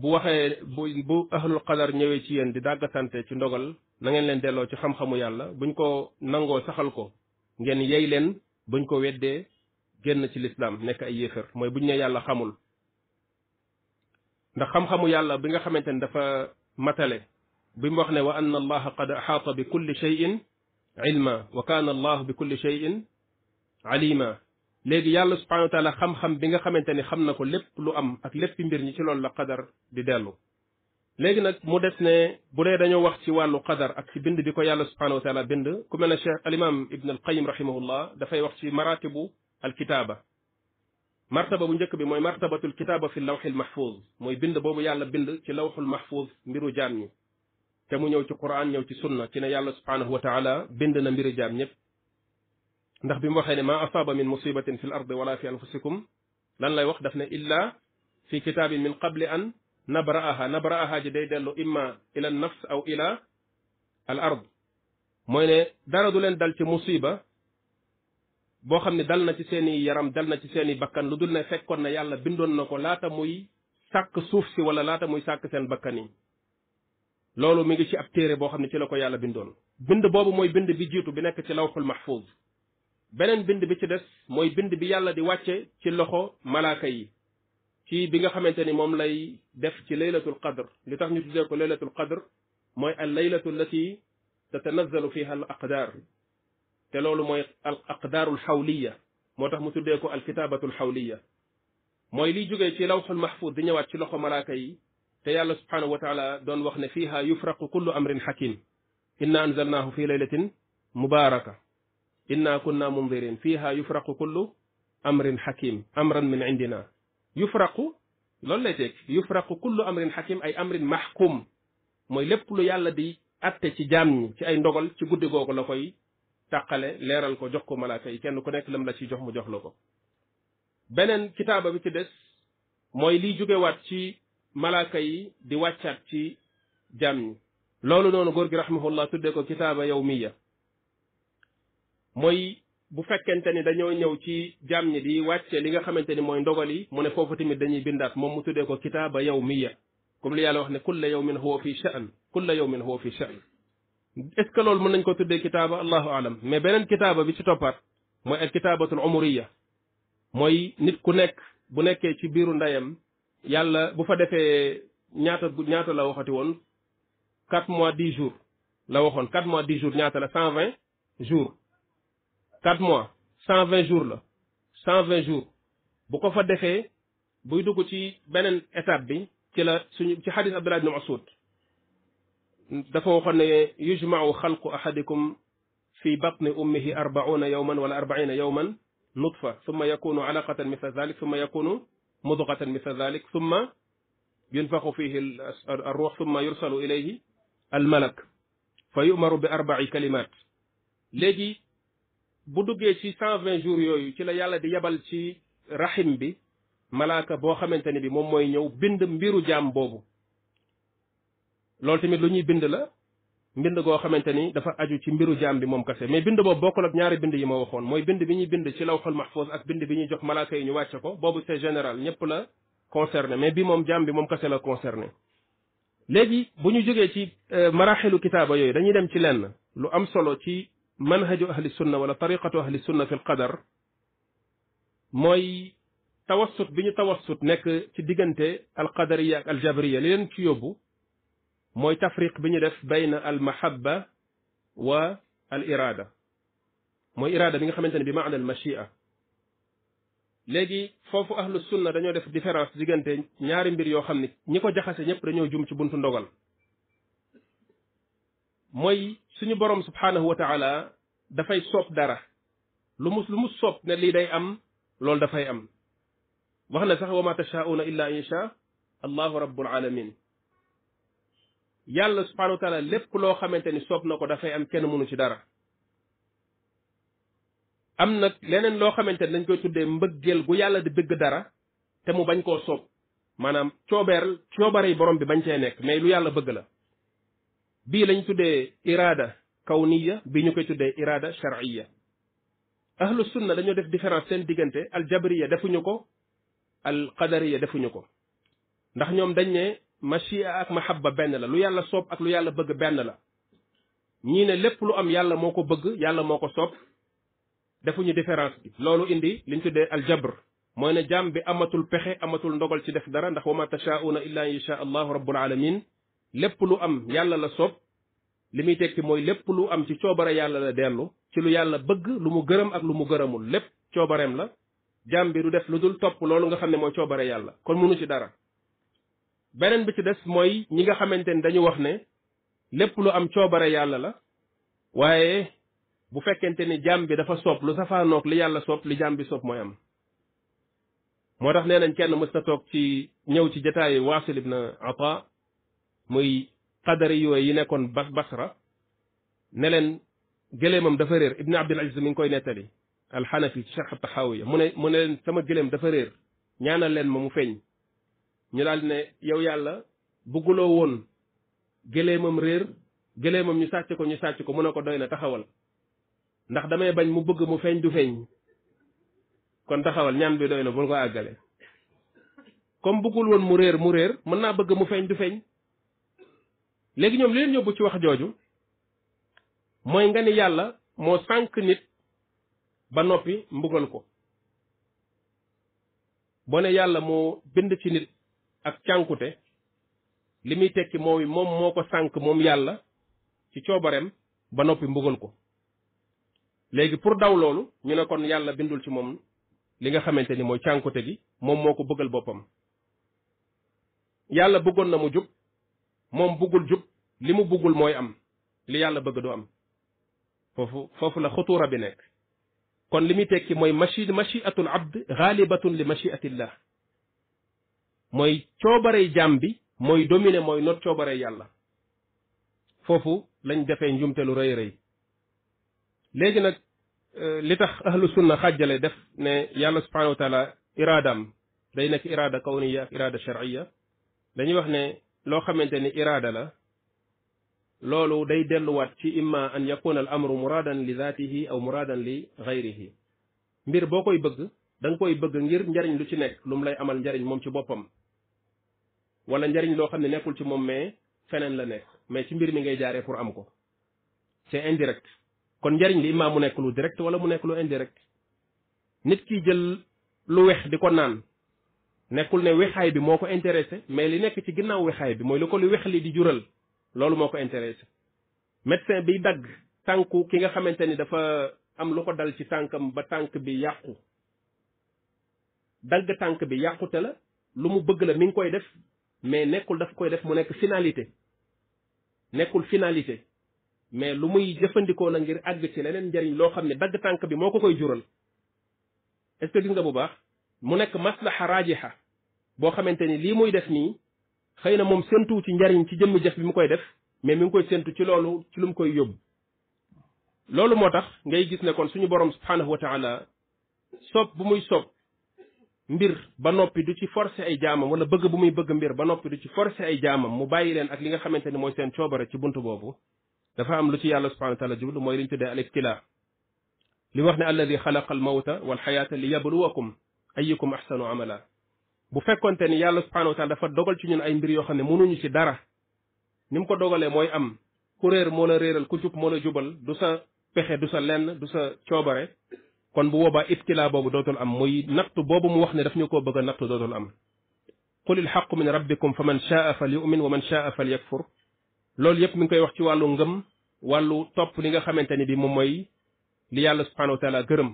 bu waxee bu bu ahlul qadar ñëwee ci yéen di dàggasante ci ndogal na leen delloo ci xam-xamu yàlla buñ ko nangoo saxal ko ngeen yey leen buñ ko weddee génn ci lislaam nekk ay yéefar mooy buñ ne yàlla xamul ndax xam-xamu yàlla bi nga xamante ne dafa matale bi mu wax ne wa anna allaha qad axaata bi kulli cheyin ilma wa kaana allahu bi kulli cheyin alima léegi yàlla subhanahu wa taala xam-xam bi nga xamante ni xam na ko lépp lu am ak lépp mbir ñi ci loolu la qadar di dellu léegi nag mu des ne bu dee dañoo wax ci wàllu qadar ak ci bind bi ko yàlla subhanahu wa taala bind ku mel ne cheikh alimam ibn al qayim rahimahullah dafay wax ci maratibu al kitaaba martaba bu njëkk bi mooy martabatul kitaba fi lawxil mahfuz mooy bind boobu yàlla bind ci lawxul mahfuz mbiru jaam ñi te mu ñëw ci quran ñëw ci sunna ci ne yàlla subhanahu wa taala bind na mbiru jaam ñëpp ndax bi mu waxee ne ma asaba min musibatin fi l wala fi anfusikum lan lay wax daf ne illa fi kitabin min qabli an nabra'aha nabra'aha ji day dellu imma ila nafs aw ila al ard mooy ne dara du leen dal ci musiba boo xam ne dal na ci seeni yaram dal na ci seeni bakkan lu dul ne fekkoon na yàlla bindoon na ko laata muy sàkk suuf si wala laata muy sàkk seen bakkan yi loolu mi ngi ci ab téere boo xam ne ci la ko yàlla bindoon bind boobu mooy bind bi jiitu bi nekk ci lawxul mahfuz beneen bind bi ci des mooy bind bi yàlla di wàcce ci loxo malaaka yi ci bi nga xamante ni moom lay def ci laylatul qadr li tax ñu tuddee ko laylatul qadr mooy al laylatu allati tatanazzalu fiha al aqdar te loolu mooy al aqdarul xawliya moo tax mu tuddee ko al kitabatul xawliya mooy liy jógee ci lawxul mahfud di ñëwaat ci loxo malaaka yi te yàlla subhanahu wa taala doon wax ne fiha yufraqu kullu amrin xakim inna anzalnahu fi laylatin mubaraka inna kunna mundirin fiha yufraqu kullu amrin hakim amran min indina yufraqu loolu lay teg yufraqu kullu amrin hakim ay amrin mahkum mooy lépp lu yàlla di atte ci jaam ñi ci ay ndogal ci guddi googu la koy tàqale leeral ko jox ko malaaka yi kenn ku nekk la ci jox mu jox la ko beneen kitaaba bi ci des mooy li liy jógewaat ci malaaka yi di wàccaat ci jaam ñi loolu noonu góor gi rahimahullah tuddee ko kitaaba yawmiya mooy bu fekkente ni dañoo ñëw ci jam ñi di wàcce li nga xamante ni mooy ndogal yi mu ne foofu tamit dañuy bindaat moom mu tuddee ko kitaaba yawmiya comme li yàlla wax ne kulla yawmin huwa fi sha'n kulla yawmin huwa fi sha'n est ce que loolu mën nañ ko tuddee kitaaba allahu alam mais beneen kitaaba bi ci toppaat mooy al kitaabatul umuriya mooy nit ku nekk bu nekkee ci biiru ndeyam yàlla bu fa defee ñaata ñaata la waxati woon quatre mois dix jours la waxoon quatre mois dix jours ñaata la cent vingt jours 4 mois 120 jours la 120 jours bu ko fa defee buy dugg ci benen étape bi ci la suñu ci hadith abdullah ibn masud dafa waxoon ne yujmau khalqu ahadikum fi batni ummihi 40 yawman wala 40 yawman nutfa thumma yakunu alaqatan mithla dhalik thumma yakunu mudghatan mithla dhalik thumma yunfakhu fihi ar-ruh thumma yursalu ilayhi al-malak fayu'maru bi arba'i kalimat legi bu duggee ci cent vingt jours yooyu ci la yàlla di yebal ci rahim bi malaaka boo xamante ne bi moom mooy ñëw bind mbiru jaam boobu loolu tamit lu ñuy bind la mbind goo xamante ni dafa aju ci mbiru jaam bi moom kase mais bind boobu bokkul la ñaari bind yi ma waxoon mooy bind bi ñuy bind ci lawxul mahfuz ak bind bi ñuy jox malaaka yi ñu wàcce ko boobu c'est général ñëpp la concerné mais bi moom jaam bi moom kase la concerné léegi bu ñu jógee ci euh, maraxilu kitaaba yooyu dañuy dem ci lenn منهج أهل السنة ولا طريقة أهل السنة في القدر موي توسط بني توسط نك تدقنت القدرية الجبرية لين تيوبو موي تفريق بني دف بين المحبة والإرادة موي إرادة بني خمنتني بمعنى المشيئة لجي فوف أهل السنة دانيو دف ديفرانس دقنت نياري مبير يو خمني نيكو جخسي نيب دانيو جمش بنتون دوغل mooy suñu borom subhaanahu wa taala dafay soob dara lu mu lu mu soob ne lii day am loolu dafay am wax na sax wa ma tashaauna illa an yasha allahu rabbul alamin yàlla subhaanahu wa taala lépp loo xamante ni soob na ko dafay am kenn mënu ci dara am nag leneen loo xamante ni dañ koy tuddee mbëggeel gu yàlla di bëgg dara te mu bañ koo soob maanaam coobeer coobare yi borom bi bañ cee nekk mais lu yàlla bëgg la bii lañ tuddee iraada kawniya bi ñu koy tuddee iraada sharciya ahlu sunna dañoo def différence seen diggante aljabriya defuñu ko alqadariya defuñu ko ndax ñoom dañ ne machia ak mahabba benn la lu yàlla soob ak lu yàlla bëgg benn la ñii ne lépp lu am yàlla moo ko bëgg yàlla moo ko soob defuñu différence bi loolu indi liñ tuddee aljabr mooy ne jaam bi amatul pexe amatul ndogal ci def dara ndax wa ma tashaa'una illa an yasha allahu rabbul alamin lépp lu am yàlla la soob li muy tekki mooy lépp lu am ci coobare yàlla la dellu ci lu yàlla bëgg lu mu gërëm ak lu mu gërëmul lépp coobareem la jaam bi du def lu dul topp loolu nga xam ne mooy coobare yàlla kon munu ci dara beneen bi ci des mooy ñi nga xamante ni dañu wax ne lépp lu am coobare yàlla la waaye bu fekkente ni jaam bi dafa soob lu safaanoog li yàlla soob li jaam bi soob mooy am moo tax nee nañ kenn mës na toog ci ñëw ci jataayu waasil ibn ata muy xadari yooyu yi nekkoon bas basra ne leen gëléemam dafa réer ibni abdul aziz mi ngi koy nettali alxanafi ci charx taxawiya mu ne mu ne sama gëléem dafa réer ñaanal leen ma mu feeñ ñu daal ne yow yàlla bugguloo woon gëléemam réer gëléemam ñu sàcc ko ñu sàcc ko mu ne ko doy na taxawal ndax damay bañ mu bëgg mu feeñ du feeñ kon taxawal ñaan bi doy na bul ko àggale comme bëggul woon mu réer mu réer mën naa bëgg mu feeñ du feeñ léegi ñoom li leen yóbbu ci wax jooju mooy nga ni yàlla moo sànq nit ba noppi mbugal ko boo yàlla moo bind ci nit ak cànkute li muy tekki mooy moom moo ko sànq moom yàlla ci coobareem ba noppi mbugal ko léegi pour daw loolu ñu ne koon yàlla bindul ci moom li nga xamante ni mooy cànkute gi moom moo ko bëggal boppam yàlla bëggoon na mu jub mom bugul jub limu bugul moy am li yàlla bëgg do am fofu fofu la khutura bi nek kon limi tekki moy mashid mashiatul abd ghalibatun li machiatillah mooy coobarey jaam bi mooy dominer mooy not coobarey yàlla fofu lañ defé njumte lu reey rëy léegi nag li tax ahlus sunna xajale def ne yàlla subhanahu wa taala iradam day nek irada kawniya irada shar'iyya dañuy wax ne loo xamante ni iraada la loolu day delluwaat ci imma an yakuna al amru muraadan li zaatihi aw muraadan li gayrihi mbir boo koy bëgg da nga bëgg ngir njariñ lu ci nekk lum lay amal njariñ moom ci boppam wala njariñ loo xam ne nekkul ci moom mais feneen la nekk mais ci mbir mi ngay jaaree pour am ko c'est indirect kon njariñ li imma mu nekk lu wala mu nekk lu indirect nit ki jël lu di ko naan nekkul ne wexaay bi moo ko intéressé mais li nekk ci ginnaaw wexaay bi mooy li ko lu wex li di jural loolu moo ko intéressé médecin biy dagg tànku ki nga xamante ni dafa am lu ko dal ci tànkam ba tànk bi yàqu dagg tànk bi yàqute la lu mu bëgg la mi ngi koy def mais nekkul daf koy def mu nekk finalité nekkul finalité mais lu muy jëfandikoo la ngir àgg ci leneen njëriñ loo xam ne dagg tànk bi moo ko koy jural est gis nga bu baax mu nekk maslaha rajiha boo xamante ni lii mooy def nii xëy na moom séntu ci njariñ ci jëmm jëf bi mu koy def mais mi ngi koy séntu ci loolu ci lu mu koy yóbbu loolu moo tax ngay gis ne kon suñu borom subhaanahu wa taala sopp bu muy sopp mbir ba noppi du ci forcer ay jaamam wala bëgg bu muy bëgg mbir ba noppi du ci forcer ay jaamam mu bàyyi leen ak li nga xamante ni mooy seen coobare ci bunt boobu dafa am lu ci yàlla subhaanahu wa taala jublu mooy li ñu tuddee al ibtilaa li wax ne alladi xalaqa al mawta wal xayaata li yabluwakum ayyukum axsanu amala bu fekkonte ni yàlla subhanahu wa taala dafa dogal ci ñun ay mbir yoo xam ne mënuñu ci dara ni mu ko dogalee mooy am ku réer moo la réeral ku jub moo la jubal du sa pexe du sa lenn du sa coobare kon bu boobaa ibtilaa boobu dootul am muy nattu boobu mu wax ne daf ñu koo bëgg a nattu dootul am qul il xaqu min rabbikum fa man shaa fal yumin wa man shaa fal yakfur loolu yëpp mi ngi koy wax ci wàllu ngëm wàllu topp li nga xamante ni bi moom mooy li yàlla subhanahu wa taala gërëm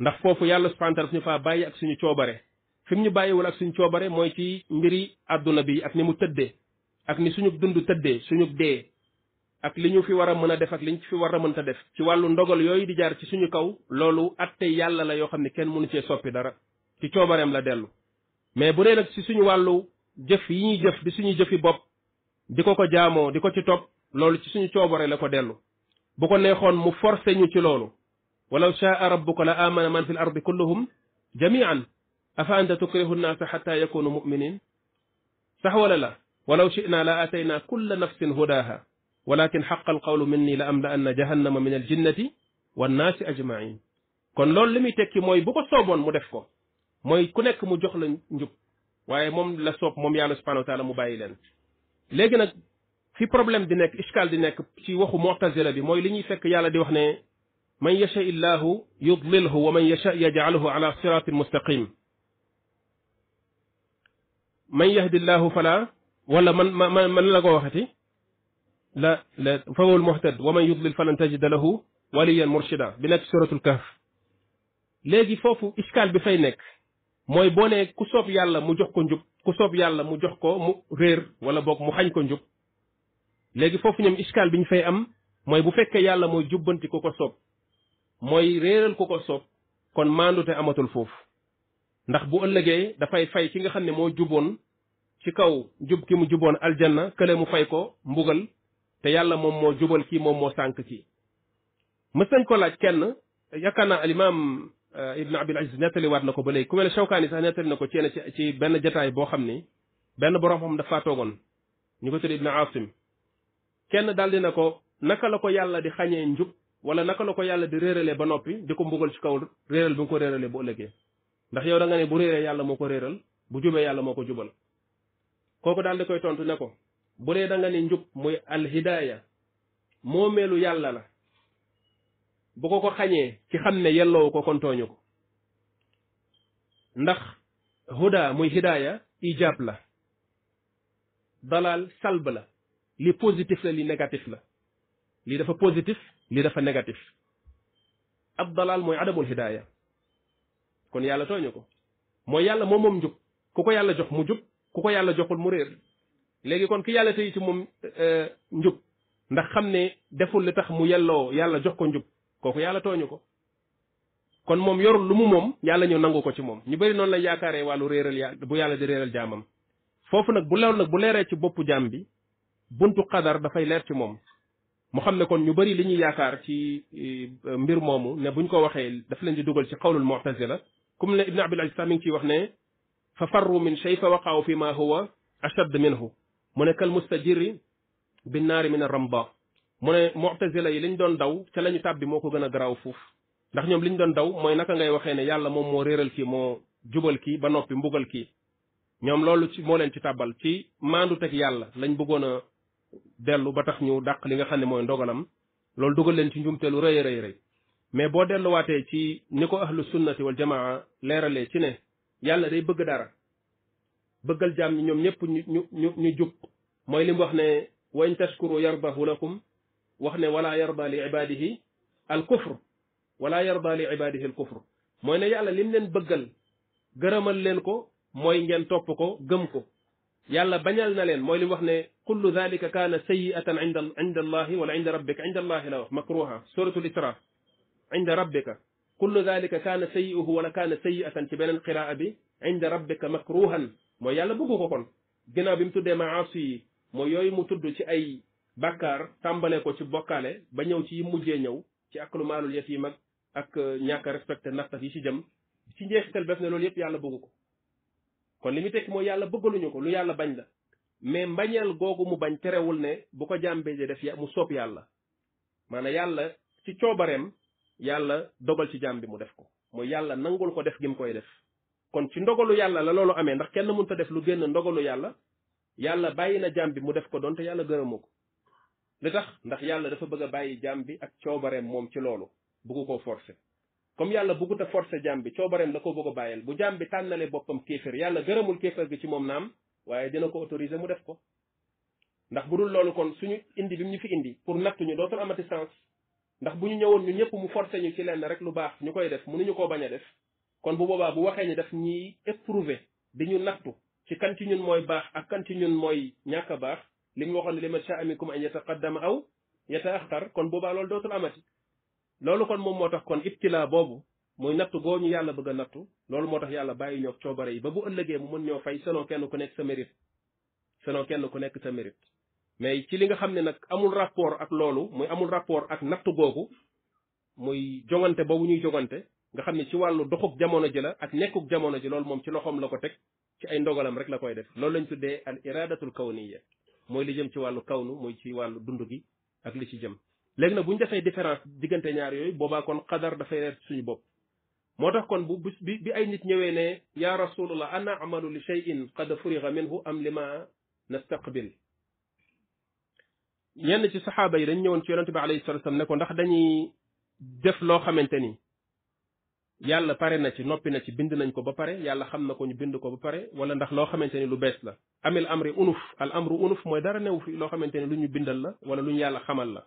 ndax foofu yàlla subhanahu wa taala daf ñu faa bàyyi ak suñu coobare fi mu ñu bàyyiwul ak suñ coobare mooy ci mbiri àdduna bi ak ni mu tëddee ak ni suñu dund tëddee suñu dee ak li ñu fi war a mën a def ak li ñu fi war a mën a def. ci wàllu ndogal yooyu di jaar ci suñu kaw loolu atte yàlla la yoo xam ne kenn mënu cee soppi dara ci coobareem la dellu mais bu dee nag ci suñu wàllu jëf yi ñuy jëf di suñu jëfi bopp di ko ko jaamoo di ko ci topp loolu ci suñu coobare la ko dellu bu ko neexoon mu forcé ñu ci loolu walaw shaa rabbuka la amana man fi l ardi kulluhum jamian أفأنت تكره الناس حتى يكونوا مؤمنين صح ولا لا ولو شئنا لآتينا كل نفس هداها ولكن حق القول مني لأملأن جهنم من الجنة والناس أجمعين kon loolu li muy tekki mooy bu ko sooboon mu def ko mooy ku nekk mu jox la njub waaye moom la soob moom yàlla subhanahu wa taala mu bàyyi leen léegi nag fi problème di nekk iskal di nekk ci waxu mutazila bi mooy li ñuy fekk yàlla di wax ne man yasha illahu yudlilhu wa man yasha yaj'alhu ala siratin mustaqim man yahdillahu fala wala man man man la ko waxati la la fawul muhtad wa man yudlil falan tajida lahu waliyan murshida bi nekk suratul kahf léegi foofu iskaal bi fay nekk mooy boo nee ku soob yàlla mu jox ko njub ku soob yàlla mu jox ko mu réer wala boog mu xañ ko njub léegi foofu ñoom iskaal bi ñu fay am mooy bu fekkee yàlla mooy jubbanti ku ko soob mooy réeral ku ko soob kon maandute amatul foofu ndax bu ëllëgee dafay fay ki nga xam ne moo juboon ci kaw jub ki mu juboon aljanna kële mu fay ko mbugal te yàlla moom moo jubal kii moom moo sànq kii mës nañ ko laaj kenn yaakaar naa alimaam eh, Ibn Abil Aziz nettali waat na ko ba léegi ku mel ne sax nettali na ko ci ci benn jataay boo xam ni benn borom xam dafa toogoon ñu ko tudd Ibn Asim kenn daal di na ko naka la ko yàlla di xañee njub wala naka la ko yàlla di réeralee ba noppi di ko mbugal ci kaw réeral bi nga ko réeralee bu ëllëgee. ndax yow da ne bu réeree yàlla moo ko réeral bu jubee yàlla moo ko jubal kooku daal di koy tontu ne ko bu dee da nga ne njub muy alhidaaya moo melu yàlla la bu ko ko xañee ci xam ne yelloowu ko kon tooñu ko ndax huda muy hidaaya ijaab la dalal salb la li positif li négatif la lii dafa positif lii dafa négatif ab dalal mooy adamul hidaaya kon yàlla tooñu ko mooy yàlla moom moom njub ku ko yàlla jox mu jub ku ko yàlla joxul mu réer léegi kon ki yàlla tey ci moom euh, njub ndax xam ne deful li tax mu yelloo yàlla jox ko njub kooku yàlla tooñu ko kon moom yorul lu mu moom yàlla ñu nangu ko ci moom ñu bari noonu la yaakaaree wàllu réeral yàlla bu yàlla di réeral jaamam foofu nag bu loolu nag bu leeree ci boppu jaam bi buntu xadar dafay leer ci moom mu xam ne kon ñu bari li ñuy yaakaar ci euh, mbir moomu ne buñ ko waxee daf leen dugal ci xawlul mu'tazila comme ne ibne abdul aziz mi ngi ciy wax ne fa farru min shay fa waqaaw fi ma huwa ashadd minhu mu ne kal mustajiri bi naari min ramba mu ne mutazila yi liñ doon daw ca lañu tàbbi moo ko gën a garaaw fuuf ndax ñoom liñ doon daw mooy naka ngay waxee ne yàlla moom moo réeral kii moo jubal kii ba noppi mbugal kii ñoom loolu ci moo leen ci tàbbal ci maandu teg yàlla lañ bëggoon a dellu ba tax ñu dàq li nga xam ne mooy ndogalam loolu dugal leen ci njumte lu rëy rëy rëy mais boo delluwaatee ci ni ko ahlu sunnati wal jamaa leeralee ci ne yàlla day bëgg dara bëggal jaam ñi ñoom ñëpp ñu ñu ñu ñu jub mooy li mu wax ne wa in tashkuru yardahu lakum wax ne wala yarda li ibadihi al kufr wala yarda li ibadihi al kufr mooy ne yàlla lim leen bëggal gërëmal leen ko mooy ngeen topp ko gëm ko yàlla bañal na leen mooy li mu wax ne kullu dalika kana sayiatan inda inda allahi wala inda rabbika inda allahi la wax makruha suratul israf inda rabbika kullu dalika kaana sayi'uhu wala kaana sayi'atan ci beneen qiraa bi inda rabbika makruhan mooy yàlla bëggu ko kon ginnaaw bi mu tuddee maasi yi mooy yooyu mu tudd ci ay bàkkaar tàmbalee ko ci bokkaale ba ñëw ci yi mujjee ñëw ci aklu maalul yatiim ak ak euh, ñàkk a respecté naxtas yi ci jëm ci njeexital def ne loolu yëpp yàlla bëggu ko kon li mu tekki mooy yàlla bëggaluñu ko lu yàlla bañ la mais mbañeel googu mu bañ terewul ne bu ko jàmbee def mu soob yàlla maanaam yàlla ci coobareem yàlla dogal ci jaam bi mu def ko mooy yàlla nangul ko def gi mu koy def kon ci ndogalu yàlla la loolu amee ndax kenn mënta def lu génn ndogalu yàlla yàlla bàyyi na jaam bi mu def ko doonte yàlla gërëmu ko li tax ndax yàlla dafa bëgg a bàyyi jaam bi ak coobareem moom ci loolu bugg koo forcer comme yàlla buggut a forcer jaam bi coobareem la ko bëgg a bàyyil bu jaam bi tànnale boppam kéefér yàlla gërëmul kéefér gi ci moom naam waaye dina ko autoriser mu def ko ndax bu dul loolu kon suñu indi bi ñu fi indi pour nattuñu dootul amati sens ndax bu ñu ñëwoon ñu ñëpp mu forcé ñu ci lenn rek lu baax ñu koy def mënuñu koo bañ def kon bu boobaa bu waxee ni daf ñuy éprouver di ñu nattu ci kan ci ñun mooy baax ak kan ci ñun mooy ñàkk a baax li mu waxoon ne li man shaa minkum an yataqaddama aw yataaxar kon boobaa loolu dootul amati loolu kon moom moo tax kon ibtilaa boobu muy nattu boo ñu yàlla bëgg a nattu loolu moo tax yàlla bàyyi ñoo coobare yi ba bu ëllëgee mu mën ñoo fay selon kenn ku nek sa mérite selon kenn ku nekk sa mérite mais ci li nga xam ne nag amul rapport ak loolu muy amul rapport ak nattu googu muy jongante boobu ñuy jongante nga xam ne ci wàllu doxuk jamono ji la ak nekkuk jamono ji loolu moom ci loxoom la ko teg ci ay ndogalam rek la koy def loolu lañ tuddee al iradatul kawniya mooy li jëm ci wàllu kawnu muy ci wàllu dund gi ak li ci jëm léegi nag bu ñu defee différence diggante ñaar yooyu boobaa kon qadar dafay leer suñu bopp moo tax kon bu bi bi ay nit ñëwee ne ya rasulullah ana amalu li shay'in qad furiga minhu am lima nastaqbil ñenn ci saxaaba yi dañ ñëwoon ci yonente bi alayhi salatu wasallam ne ko ndax dañuy def loo xamante ni yàlla pare na ci noppi na ci bind nañ ko ba pare yàlla xam na ko ñu bind ko ba pare wala ndax loo xamante ni lu bees la amil amri unuf al amru unuf mooy dara newu fi loo xamante ni lu ñu bindal la wala lu ñu yàlla xamal la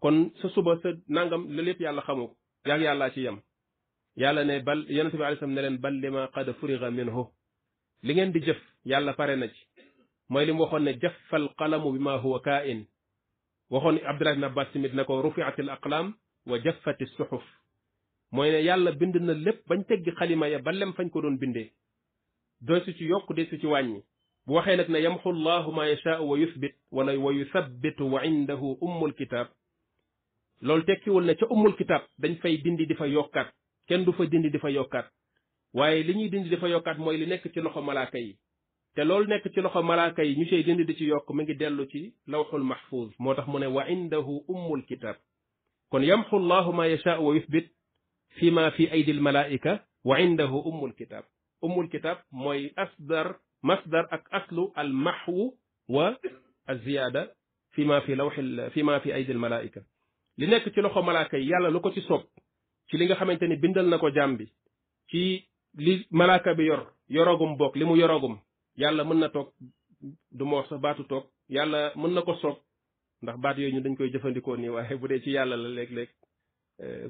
kon sa suba sa nangam la lépp yàlla xamu yaag yàlla ci yam yàlla ne bal yonente bi alayhi sallam ne leen bal lima qad furiga minhu li ngeen di jëf yàlla pare na ci mooy li mu waxoon ne jaffal qalamu bima huwa kain waxoon abdullah ibn abbas tamit ne ko rufiat al aqlam wa jaffati suxuf mooy ne yàlla bind na lépp bañ teggi xalima ya ba lem fañ ko doon bindee doo su ci yokk de su ci wàññi bu waxee nag ne yamxu llahu ma yashaau wa yuthbit wala wa yuthabbitu wa indahu ummul kitab loolu tekkiwul ne ca ummul kitab dañ fay dindi di fa yokkaat kenn du fa dindi di fa yokkaat waaye li ñuy dindi di fa yokkaat mooy li nekk ci loxo malaaka yi te lol nek ci loxo malaaka yi ñu sey dënd di ci yok mi ngi delu ci lawhul mahfuz motax mu ne wa indahu umul kitab kon yamhu allah ma yasha wa yuthbit fi ma fi aydi al almalaika wa indahu umul kitab umul kitab moy asdar masdar ak aslu al mahwu wa al ziyada fi ma fi lawh al fi ma fi aydi al almalaika li nek ci loxo malaaka yi yàlla lu ko ci sop ci li nga xamanteni bindal nako jambi ci li malaaka bi yor yorogum bok limu yorogum yàlla mën na toog du ma wax sax baatu toog yàlla mën na ko soog ndax baat yooyu ñu dañ koy jëfandikoo nii waaye bu dee ci yàlla la léeg-léeg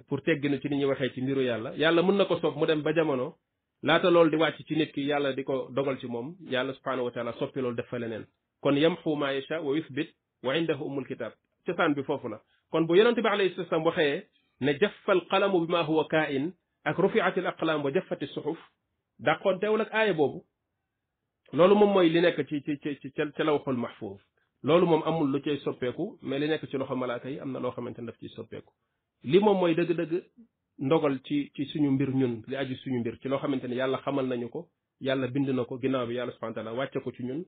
pour tegginu ci ni ñuy waxee ci mbiru yàlla yàlla mën na ko soog mu dem ba jamono laata loolu di wàcc ci nit ki yàlla di ko dogal ci moom yàlla subhanahu wa taala soppi loolu def fa leneen kon yamxu ma yacha wa yuthbit wa indahu umul kitab cosaan bi foofu la kon bu yonente bi alayhi salaam waxee ne jaffa qalamu bi ma huwa kain ak rufiat al aqlam wa jaffati suxuf dàqoon teewul ak aaya boobu loolu moom mooy li nekk ci ci ci ci ca lawxul mahfuuz loolu moom amul lu cay soppeeku mais li nekk ci loxo malaaka yi am na loo xamante daf ciy soppeeku li moom mooy dëgg-dëgg ndogal ci ci suñu mbir ñun li aju suñu mbir ci loo xamante ne yàlla xamal nañu ko yàlla bind na ko ginnaaw bi yàlla subhana taala wàcce ko ci ñun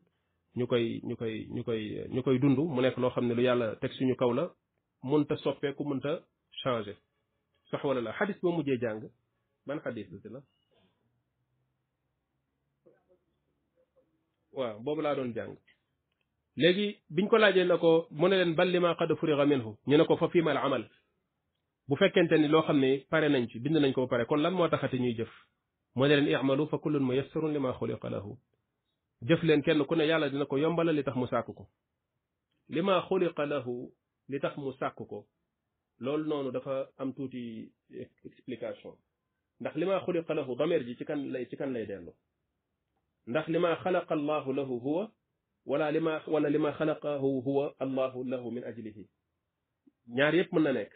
ñu koy ñu koy ñu koy ñu koy dund mu nekk loo xam ne lu yàlla teg suñu kaw la mënta soppeeku mënta changer sax wala la xadis bo mujjee jàng ban xadis la waaw boobu laa doon jàng léegi biñ ko laajee na ko mu ne leen bal li ma qad minhu ñu ne ko fa fiimal amal bu fekkente ni loo xam ne pare nañ ci bind nañ ko ba pare kon lan moo taxati ñuy jëf mu ne leen i'malu fa kullun muyassarun li ma lahu jëf leen kenn ku ne yàlla dina ko yombalal li tax mu sàkk ko li ma lahu li tax mu sàkk ko loolu noonu dafa am tuuti explication ndax li ma xuliqa lahu dameer ji ci kan lay ci kan lay dellu ndax lima ma xalaqa allahu lahu huwa wala lima wala lima ma xalaqahu huwa allahu lahu min ajlihi ñaar yëpp mën na nekk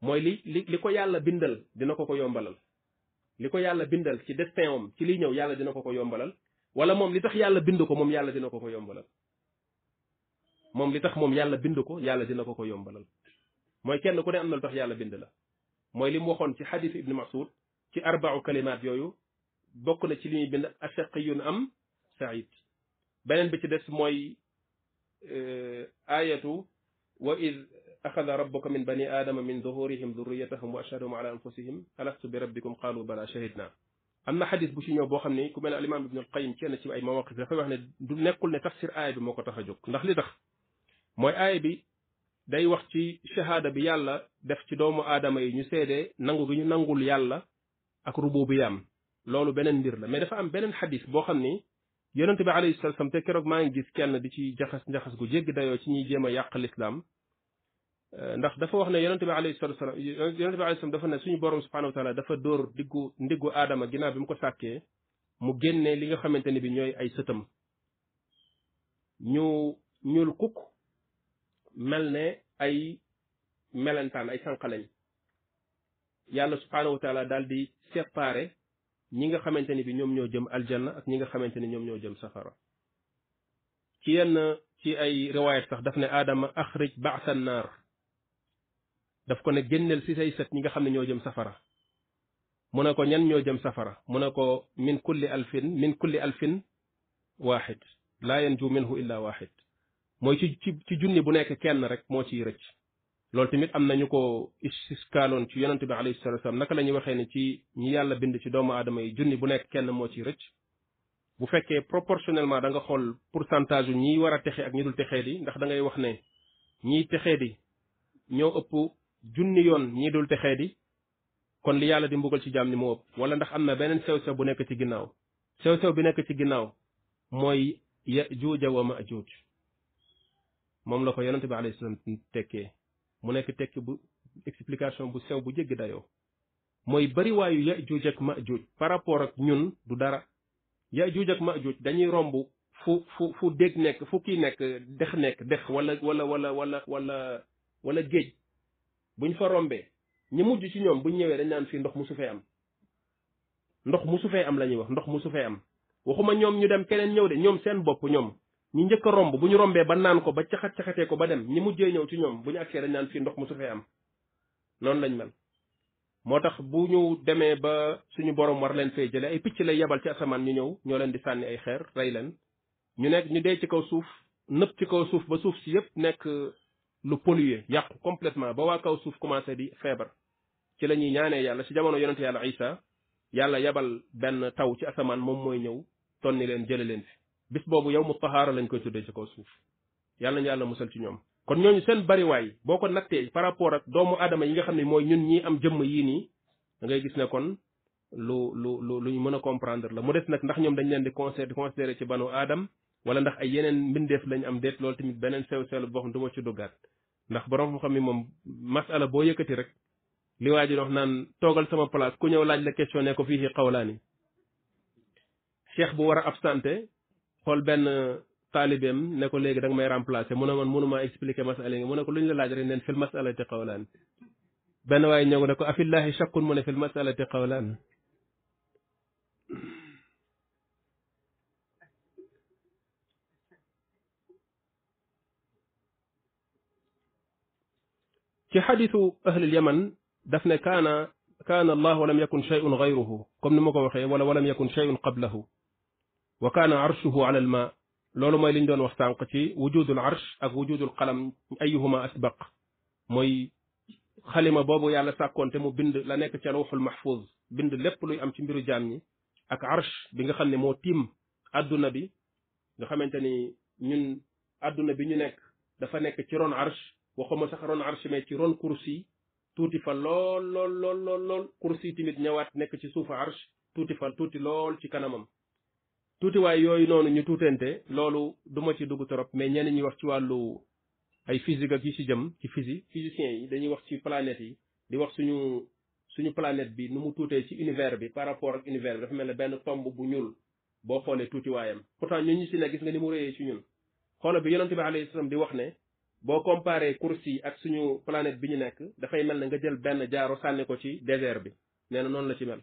mooy li li ko yàlla bindal dina ko ko yombalal li ko yàlla bindal ci destin om ci liy ñëw yàlla dina ko ko yombalal wala moom li tax yàlla bind ko moom yàlla dina ko ko yombalal moom li tax moom yàlla bind ko yàlla dina ko ko yombalal mooy kenn ku ne am na lu tax yàlla bind la mooy li mu waxoon ci hadith ibni masud ci arbau kalimat yooyu بوك لا لي بن افقيون ام سعيد بنن بي ديس موي ايه واذ اخذ ربك من بني ادم من ظهورهم ذريتهم واشهدهم على انفسهم الست بربكم قالوا بلا شهدنا اما حديث بوشي نيو بو خامني كومن الامام ابن القيم كين سي اي مواقف دا فاي واخني دو نيكول ني تفسير ايه بي موكو تاخا جوك نده لي تخ موي ايه بي داي واخ سي شهاده بي يالا داف سي دومو ادمي ني سيده نانغو غي نانغول يالا اك روبو بيام loolu beneen mbir la mais dafa am beneen xadis boo xam ni yonent bi alayhi salatu wasallam te keroog maa ngi gis kenn di ci jaxas njaxas gu jégg dayoo ci ñuy jéem a yàq lislaam ndax dafa wax ne yonent bi alayhi salatu wasallam yonent bi alayhi sallam dafa ne suñu borom subhanahu wa taala dafa dóor diggu ndiggu aadama ginnaaw bi mu ko sàkkee mu génne li nga xamante ni bi ñooy ay sëtam ñu ñul kukk mel ne ay melentaan ay sànqalañ yàlla subhanahu wa taala daal di séparé ñi nga xamanteni bi ñom ñoo jëm aljanna ak ñi nga xamanteni ñom ñoo jëm safara ci yenn ci ay riwayat sax daf ne adam akhrij ba'sa nar daf ko ne gennel ci say set ñi nga xamne ñoo jëm safara muné ko ñan ñoo jëm safara muné ko min kulli alfin min kulli alfin waaxid laa yanju minhu illa waaxid mooy ci ci ci junni bu nekk kenn rek moo ciy rëcc loolu tamit am nañu ko iskaaloon ci yonente bi alayhi salatu wasalam naka la ñuy waxee ne ci ñi yàlla bind ci doomu aadama yi junni bu nekk kenn moo ci rëcc bu fekkee proportionnellement da nga xool pourcentage yu ñiy war a texe ak ñi dul texee di ndax da ngay wax ne ñiy texee di ñoo ëpp junni yoon ñi dul texee di kon li yàlla di mbugal ci jaam ni moo ëpp wala ndax am na beneen sew-sew bu nekk ci ginnaaw sew-sew bi nekk ci ginnaaw mooy ya juuja wa ma juuj moom la ko yonente bi alayhi salaam tekkee mu nekk tekki bu explication bu sew bu jéggi dayoo mooy bariwaayu yajuuj ak majuuj par rapport ak ñun du dara yajuuj ak majuuj dañuy romb fu fu fu dégg nekk fu kii nekk dex nekk dex wala wala wala wala wala wala géej ñu fa rombee ñi mujj ci ñoom buñ ñëwee dañ naan fii ndox musu fee am ndox musu fee am la ñuy wax ndox musu fee am waxuma ñoom ñu dem keneen ñëw de ñoom seen bopp ñoom ñi njëkk romb bu ñu rombee ba naan ko ba caxat caxatee ko ba dem ñi mujjee ñëw ci ñoom bu ñu agsee dañ naan fii ndox mu su fee am noonu lañ mel moo tax bu ñu demee ba suñu borom war leen fee jëlee ay picc lay yebal ci asamaan ñu ñëw ñoo leen di sànni ay xeer rey leen ñu nekk ñu dee ci kaw suuf nëpp ci kaw suuf ba suuf si yépp nekk euh, lu pollué yàqu complètement ba waa kaw suuf commencé di feebar ci la ñuy ñaanee yàlla si jamono yonente yàlla Isa yàlla yebal benn taw ci asamaan moom mooy ñëw tonni leen jële leen fi bis boobu yow mu tahaara lañ koy tuddee ci kaw suuf yàlla nañu yàlla musal ci ñoom kon ñooñu seen bariwaay boo ko nattee par rapport ak doomu aadama yi nga xam ne mooy ñun ñi am jëmm yii nii da ngay gis ne kon lu lu lu ñu mën a comprendre la mu des nag ndax ñoom dañu leen di conse considéré ci banu aadam wala ndax ay yeneen mbindeef lañu am déet loolu tamit beneen sew sew la boo xam du ma ci duggaat ndax borom xam-xam yi moom masala boo yëkkati rek li waa ji wax naan toogal sama place ku ñëw laaj la question ko fii xawlaani cheikh bu war a xol benn taalibeem ne ko léegi danga may remplacer mu ne man munuma expliquer masala yi mu ne ko lu ñu la laaj rek neen fil masalati qawlan benn waaye ñëw ne ko afillahi shakkun mu ne fil masalati qawlan ci xadisu ahlil yaman daf ne kaana kaana allah walam yakun shay'un gayruhu comme ni ma ko waxee wala walam yakun shay'un qablahu وكان عرشه على الماء لولو ماي لين دون وخ وجود العرش اك وجود القلم ايهما اسبق موي خليمه بوبو يالا ساكون تي مو بيند لا نيك تي روح المحفوظ بيند ليپ لوي ام تي ميرو جامي اك عرش بيغا خاني مو تيم ادنا بي دا خامتاني نين ادنا بي ني نيك دا فا نيك تي رون عرش وخوما سخ رون عرش مي تي رون كرسي توتي فا لول لول لول لول كرسي تيميت نيوات نيك تي سوف عرش توتي فا توتي لول تي كانامم tuutiwaay yooyu noonu ñu tuutante loolu duma ci dugg trop mais ñenn ñi wax ci wàllu ay physique ak yu ci jëm ci physique physiciens yi dañuy wax ci planètes yi di wax suñu suñu planète bi nu mu tuutee ci univers bi par rapport ak univers bi dafa mel ne benn tomb bu ñuul boo xoolee tuutiwaayam pourtant ñun ñu si ne gis nga ni mu rëyee ci ñun xoola bi yonent bi alayhi salaam di wax ne boo comparé course yi ak suñu planète bi ñu nekk dafay mel ne nga jël benn jaaro sànni ko ci désert bi nee na noonu la ci mel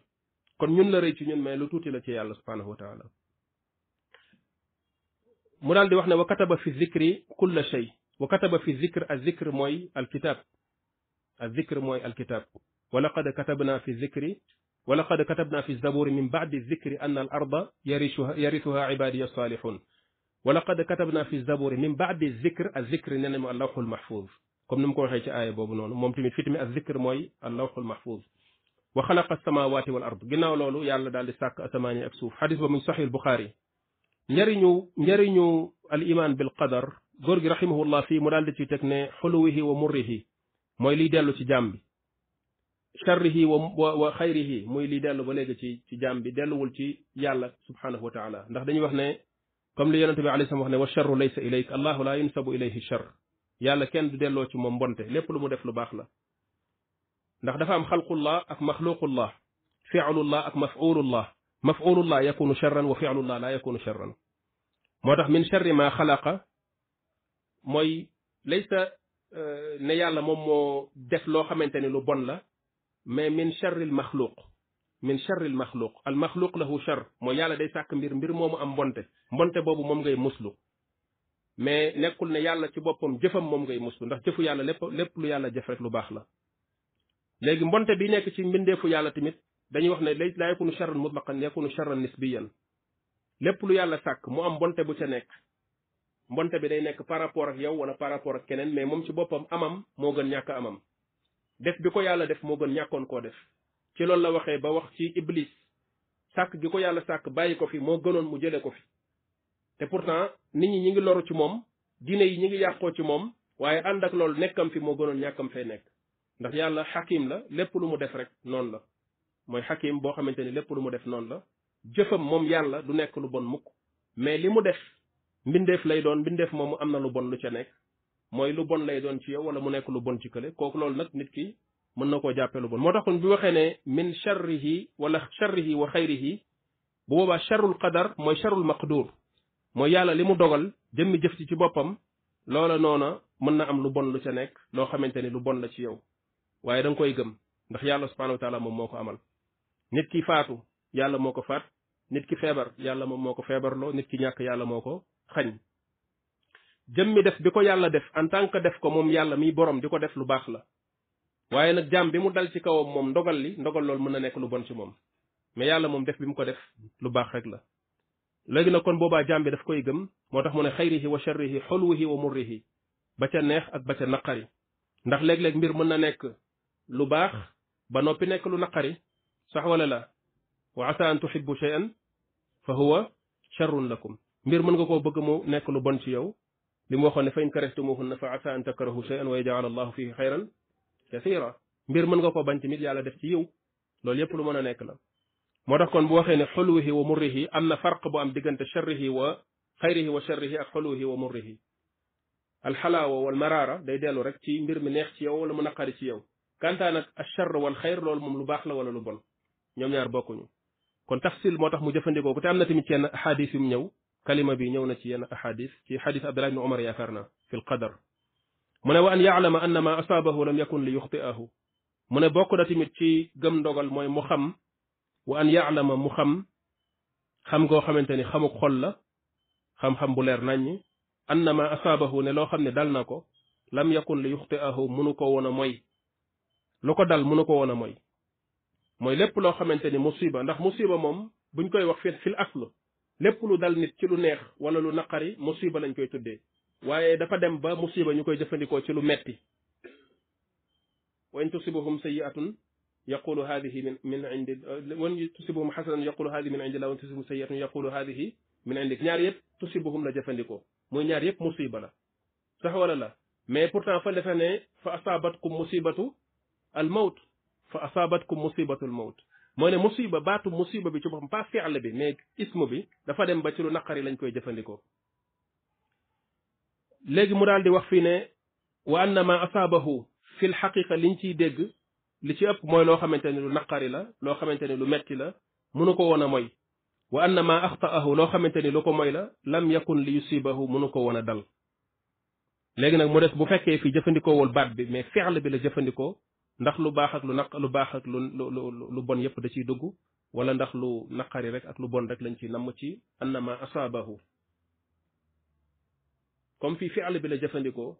kon ñun la rëy ci ñun mais la ci yàlla subhanahu wa taala mu daal di wax ne wa kataba fi zikri kulla shay wa kataba fi zikr al zikr mooy alkitab al zikr alkitab wa laqad katabna fi zikri wa laqad katabna fi zabur min ba'di zikri anna al ardha yarithuha yarithuha ibadi as salihun wa laqad katabna fi zabur min ba'di zikr al zikr nee nañu allawxul mahfuz kom nim ko waxe ci aya bobu non mom timit fitmi tamit al zikr mooy allawxul mahfuz wa khalaqa as-samawati wal ardh ginaaw lolu yàlla daal di sàkk asamaan yi ak suuf xadis ba mu al-bukhari نيرينو نيرينو الايمان بالقدر غورغي رحمه الله في مولال دي تكني حلوه ومره موي لي دالو سي جامبي شره وخيره موي لي دالو بالي سي جامبي دالو ول سي يالا سبحانه وتعالى نده داني واخني كوم لي يونتبي عليه الصلاه والسلام والشر ليس اليك الله لا ينسب اليه الشر يالا كين دو دلو سي موم بونته ليپ لو مو ديف لو باخ لا نده خلق الله اك مخلوق الله فعل الله اك مفعول الله مفعول الله يكون شرا وفعل الله لا يكون شرا موتاخ من شر ما خلق موي ليس آه، ني يالا موم مو ديف لو خامتاني لو بون لا مي من شر المخلوق من شر المخلوق المخلوق له شر مو يالا داي ساك مير مير مومو ام بونت بونت بوبو موم غاي مسلو مي نيكول ني يالا سي بوبام جيفام موم غاي مسلو ندخ جيفو يالا ليب ليب لو يالا جيف رك لو باخ لا لغي مونته بي نيك سي مندهفو يالا تيميت dañuy wax ne lay laa yakunu charran mutlaqan nis bi nisbiyan lépp lu yàlla sàkk mu am mbonte bu ca nekk mbonte bi day nekk par rapport ak yow wala par rapport ak keneen mais moom ci boppam amam moo gën ñàkk amam def bi ko yàlla def moo gën ñàkkoon koo def ci loolu la waxee ba wax ci iblis sàkk gi ko yàlla sàkk bàyyi ko fi moo gënoon mu jëlee ko fi te pourtant nit ñi ñi ngi loru ci moom diine yi ñi ngi yàqoo ci moom waaye ànd ak loolu nekkam fi moo gënoon ñàkkam fay nekk ndax yàlla xakim la lépp lu mu def rek noonu la mooy xakim boo xamante ni lépp lu mu def noonu la jëfam moom yàlla du nekk lu bon mukk mais li mu def mbindeef lay doon mbindeef moomu am na lu bon lu ca nekk mooy lu bon lay doon ci yow wala mu nekk bon ci kële kooku loolu nag nit ki mën na koo jàppee lu moo taxoon bi waxee ne min charrihi wala charrihi wa xayrihi bu boobaa charrul qadar mooy charrul maqdur mooy yàlla li mu dogal jëmmi jëf ci ci boppam loola noona mën na am lu bon lu ca nekk loo xamante ni lu bon la ci yow waaye da koy gëm ndax yàlla subhanahu wa taala moom moo ko amal nit ki faatu yàlla moo ko faat nit ki feebar yàlla moom moo ko feebarloo nit ki ñàkk yàlla moo ko xañ jëmmi def bi ko yàlla def en tant que def ko moom yàlla miy borom di ko def lu baax la waaye nag jaam bi mu dal ci kawam moom ndogal li ndogal loolu mën na nekk lu bon ci moom mais yàlla moom def bi mu ko def lu baax rek la léegi na kon boobaa jaam bi daf koy gëm moo tax mu ne xayrihi wa sharrihi xulwihi wa murrihi ba ca neex ak ba ca naqari ndax léeg-léeg mbir mën na nekk lu baax ba noppi nekk naqari صح ولا لا وعسى ان تحبوا شيئا فهو شر لكم مير من نكو بوك مو نيك لو بون سي يو فين كرهتموهن فعسى ان تكرهوا شيئا ويجعل الله فيه خيرا كثيرا مير من نكو بان تيميت يالا ديف سي يو لول ييب لو مانا نيك لا موتاخ كون بو واخي ني حلوه ومره امنا فرق بو ام ديغنت شره وخيره وشره اخلوه ومره الحلاوه والمراره داي ديلو رك تي مير مي نيك سي يو ولا مو نقاري سي يو كانتا نك الشر والخير لول موم لو باخ لا ولا لو بون ñom ñaar bokku ñu kon tafsil motax mu jëfandikoo ko te amna na tamit yenn ahadis yu ñëw kalima bi ñëw na ci yenn ahadis ci hadith abdullah ibn umar yaakaar na fi al qadar mune wa an yaalama anna ma asabahu lam yakun li yuxti'ahu mune bokku da na tamit ci gëm ndogal moy mu xam wa an yaalama mu xam xam go xamanteni xamu xol la xam-xam bu leer nañ anna ma asabahu ne lo xamne dal nako lam yakun li yuxti'ahu munu ko woon moy lu dal munu ko woon moy mooy lépp loo xamante ni musiba ndax musiba moom buñ koy wax fi fil aslu lépp lu dal nit ci lu neex wala lu naqari musiba lañ koy tuddee waaye dafa dem ba musiba ñu koy jëfandikoo ci lu metti wa in tusibuhum sayiatun yaqulu hadihi min min indi wa in tusibuhum xasanatun yaqulu hadihi min indillah wa in tusibuhum sayiatun yaqulu hadihi min indik ñaar yëpp tusibuhum la jëfandikoo muy ñaar yëpp musiba la sax wala la mais pourtant fa defe ne fa asabatkum musibatu al mawt fa asaabatkum musibatul mawt mooy ne musiba baatu musiba bi ci boppam pas fi'l bi mais ismu bi dafa dem ba ci lu naqari lañ koy jëfandikoo léegi mu daal di wax fii ne wa anna ma asaabahu fi lxaqiqa liñ ciy dégg li ci ëpp mooy loo xamante ne lu naqari la loo xamante ne lu metti la munu ko woon a moy wa anna ma axtaahu loo xamante ni lu ko moy la lam yakun li yusibahu munu ko woon a dal léegi nag mu des bu fekkee fi jëfandikoowul baat bi mais fi'l bi la jëfandikoo ndax lu baax ak lu naq lu baax ak lu lu bon yépp da ciy dugg wala ndax lu naqari rek ak lu bon rek lañ ci namm ci annama asabahu comme fi fi'l bi la jëfandikoo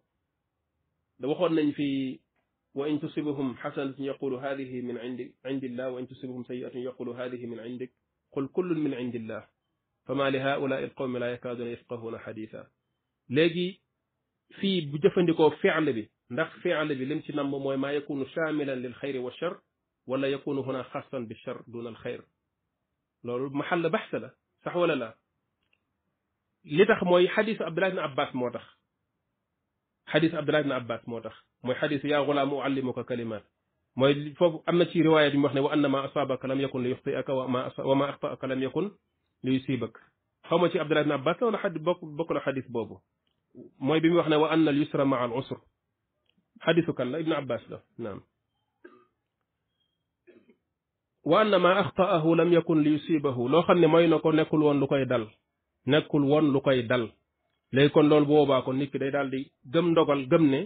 da waxoon nañ fi wa in tusibuhum xasanatun yaqulu hadhihi min indi indi indillah wa in tusibuhum sayiatun yaqulu hadhihi min indik qul kullun min indi indillah fama li haulai alqawmi la yakaduna yafqahuna xaditha legi fi bu jëfandikoo fi'l bi ndax fi'l bi lim ci namm moy ma yakunu shamilan lil khair wa shar wala yakunu huna khassan bil shar dun al khair loolu mahall baxsa la sax wala la li tax moy hadith abdullah ibn abbas motax hadith abdullah ibn abbas motax moy hadith ya ghulam uallimuka kalimat moy fofu amna ci riwaya bi waxne wa anna ma asaabaka lam yakun li yakhta'aka wa ma wa ma akhta'aka lam yakun li yusibak xawma ci abdullah ibn abbas wala hadith bokk bokk la xadis boobu mooy bi wa anna al yusra maa al usr xadisu kan la ibnu abbas la naam wa anna ma axtaahu lam yakun li yusibahu loo xam ne mooy na ko nekkul woon lu koy dal nekkul woon lu koy dal léegi kon loolu boobaa kon nit ki day daal di gëm ndogal gëm ne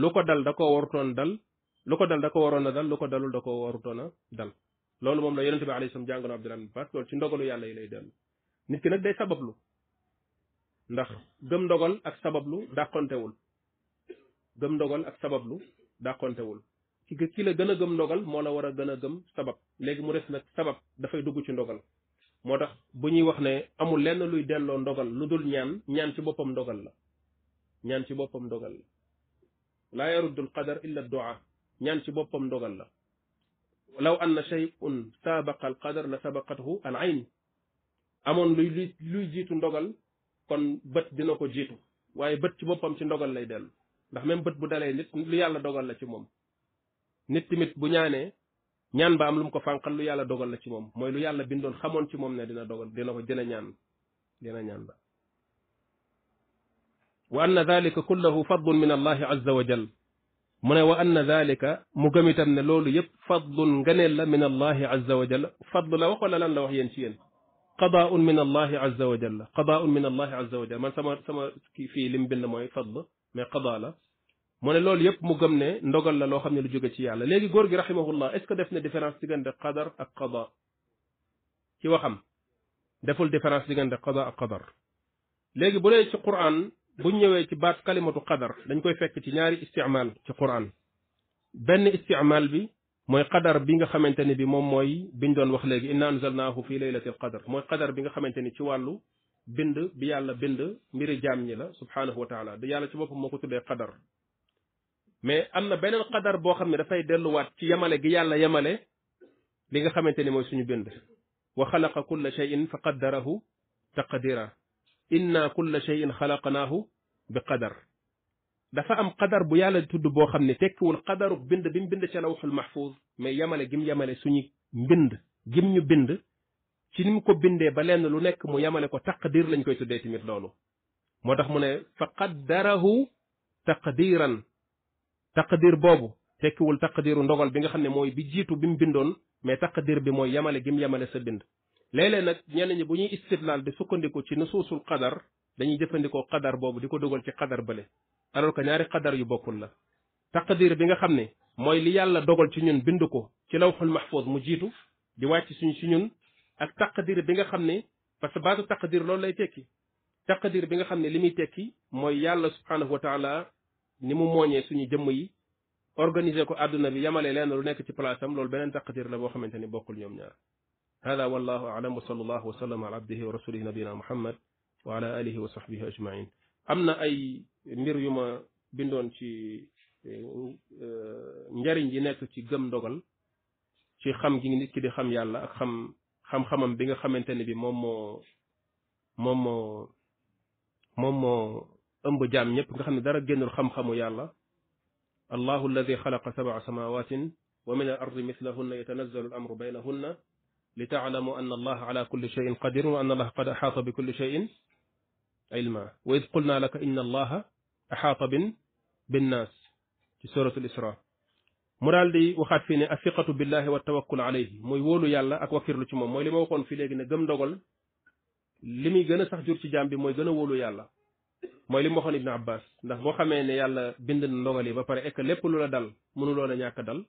lu ko dal da koo warutoon dal lu ko dal da ko waroon a dal ko dalul da ko warutoon a dal loolu moom la yonente bi alayhi salaam jàngoon Abdullah ibn Abbas loolu ci ndogalu yàlla yi lay dellu nit ki nag day sabablu ndax gëm ndogal ak sabablu dàqontewul gëm ndogal ak sabablu dàqontewul ki ki la gën a gëm ndogal moo la war a gën a gëm sabab léegi mu des nag sabab dafay dugg ci ndogal moo tax bu ñuy wax ne amul lenn luy delloo ndogal lu dul ñaan ñaan ci boppam ndogal la ñaan ci boppam ndogal la laa yaruddul qadar illa du'a ñaan ci boppam ndogal la law say shay'un saabaqa al qadar la sabaqathu al ayn amoon luy luy jiitu ndogal kon bët dina ko jiitu waaye bët ci boppam ci ndogal lay dellu ndax même bët bu dalee nit lu yàlla dogal la ci moom nit tamit bu ñaanee ñaan ba am lu mu ko fànqal lu yàlla dogal la ci moom mooy lu yàlla bindoon xamoon ci moom ne dina dogal dina ko dina ñaan dina ñaan ba wa anna dhalika kulluhu fadlun min allahi azza wa jal muné wa anna dhalika mu gëm ne loolu yëpp fadlun nganeel la min allahi azza wa jal fadl la wax wala lan la wax yéen ci yéen قضاء من الله عز وجل قضاء من الله عز وجل من سما سما في sama kii فضل mais qadaa la mu ne loolu yëpp mu gëm ne ndogal la loo xam ne lu jóge ci yàlla léegi góor gi rahimahullah est ce que def na différence diggante qadar ak qada ci waxam deful différence diggante qada ak qadar léegi bu dee ci quran bu ñëwee ci baat kalimatu qadar dañ koy fekk ci ñaari istimaal ci quran benn istimaal bi mooy qadar bi nga xamante ne bi moom mooy biñ doon wax léegi inna anzalnahu fi laylatil qadar mooy qadar bi nga xamante ni ci wàllu bind bi yàlla bind mbiri jaam ñi la subhaanahu wa taala da yàlla ci boppam moo ko tuddee qadar mais am na beneen qadar boo xam ne dafay delluwaat ci yemale gi yàlla yemale li nga xamante ni mooy suñu bind wa xalaqa kulla cheyin fa qaddarahu taqdira inna kulla cheyin xalaqnaahu bi qadar dafa am qadar bu yàlla tudd boo xam ne tekkiwul qadaru bind bi mu bind ca lawxul mahfuz mais yemale gim yemale suñu mbind gim ñu bind ci ni mu ko bindee ba lenn lu nekk mu yemale ko taqdir lañ koy tuddee tamit loolu moo tax mu ne fa qaddarahu taqdiran taqdir boobu tekkiwul taqdiru ndogal bi nga xam ne mooy bi jiitu bi mu bindoon mais taqdir bi mooy yemale gi mu yemale sa bind léeg nag ñenn ñi bu ñuy istidlaal di sukkandiku ci nusuusul qadar dañuy jëfandikoo qadar boobu di ko dugal ci qadar bële alors ko ñaari qadar yu bokkul la taqdir bi nga xam ne mooy li yàlla dogal ci ñun bind ko ci lawxul mahfuz mu jiitu di wàcc suñ ci ñun ak taqdir bi nga xamne parce que baatu taqdir loolu lay tekki taqdir bi nga xamne limi tekki moy yàlla subhanahu wa taala ni mu moñé suñu jëm yi organiser ko aduna bi yamale len lu nekk ci place am loolu benen taqdir la bo xamanteni bokul ñom ñaar hada wallahu alam wa sallallahu wa sallam ala abdihi wa rasulihi nabina muhammad wa ala alihi wa sahbihi ajmain am na ay mbir yu ma bindoon ci njariñ yi nekk ci gëm ndogal ci xam gi nit ki di xam yàlla ak xam xam-xamam bi nga xamante ne bi moom moo moom moo moom moo ëmb jaam ñëpp nga xam ne dara génnul xam-xamu yàlla allahu alladi xalaqa sabaa samawatin wa min al ardi mislahunna yatanazalu al amru baynahunna لتعلموا أن الله على كل شيء قدير وأن الله قد أحاط بكل شيء علما وإذ قلنا لك إن الله أحاط بن بالناس في سورة الإسراء mu daal di waxaat fii ne afiqatu billahi wa tawakkul alayhi mooy wóolu yàlla ak lu ci moom mooy li ma waxoon fii léegi ne gëm ndogal li muy gën a sax jur ci jaam bi mooy gën a wóolu yàlla mooy li mu waxoon ibne abbas ndax boo xamee ne yàlla bind na ndogal yi ba pare ek lépp lu la dal mënuloon a ñàkk dal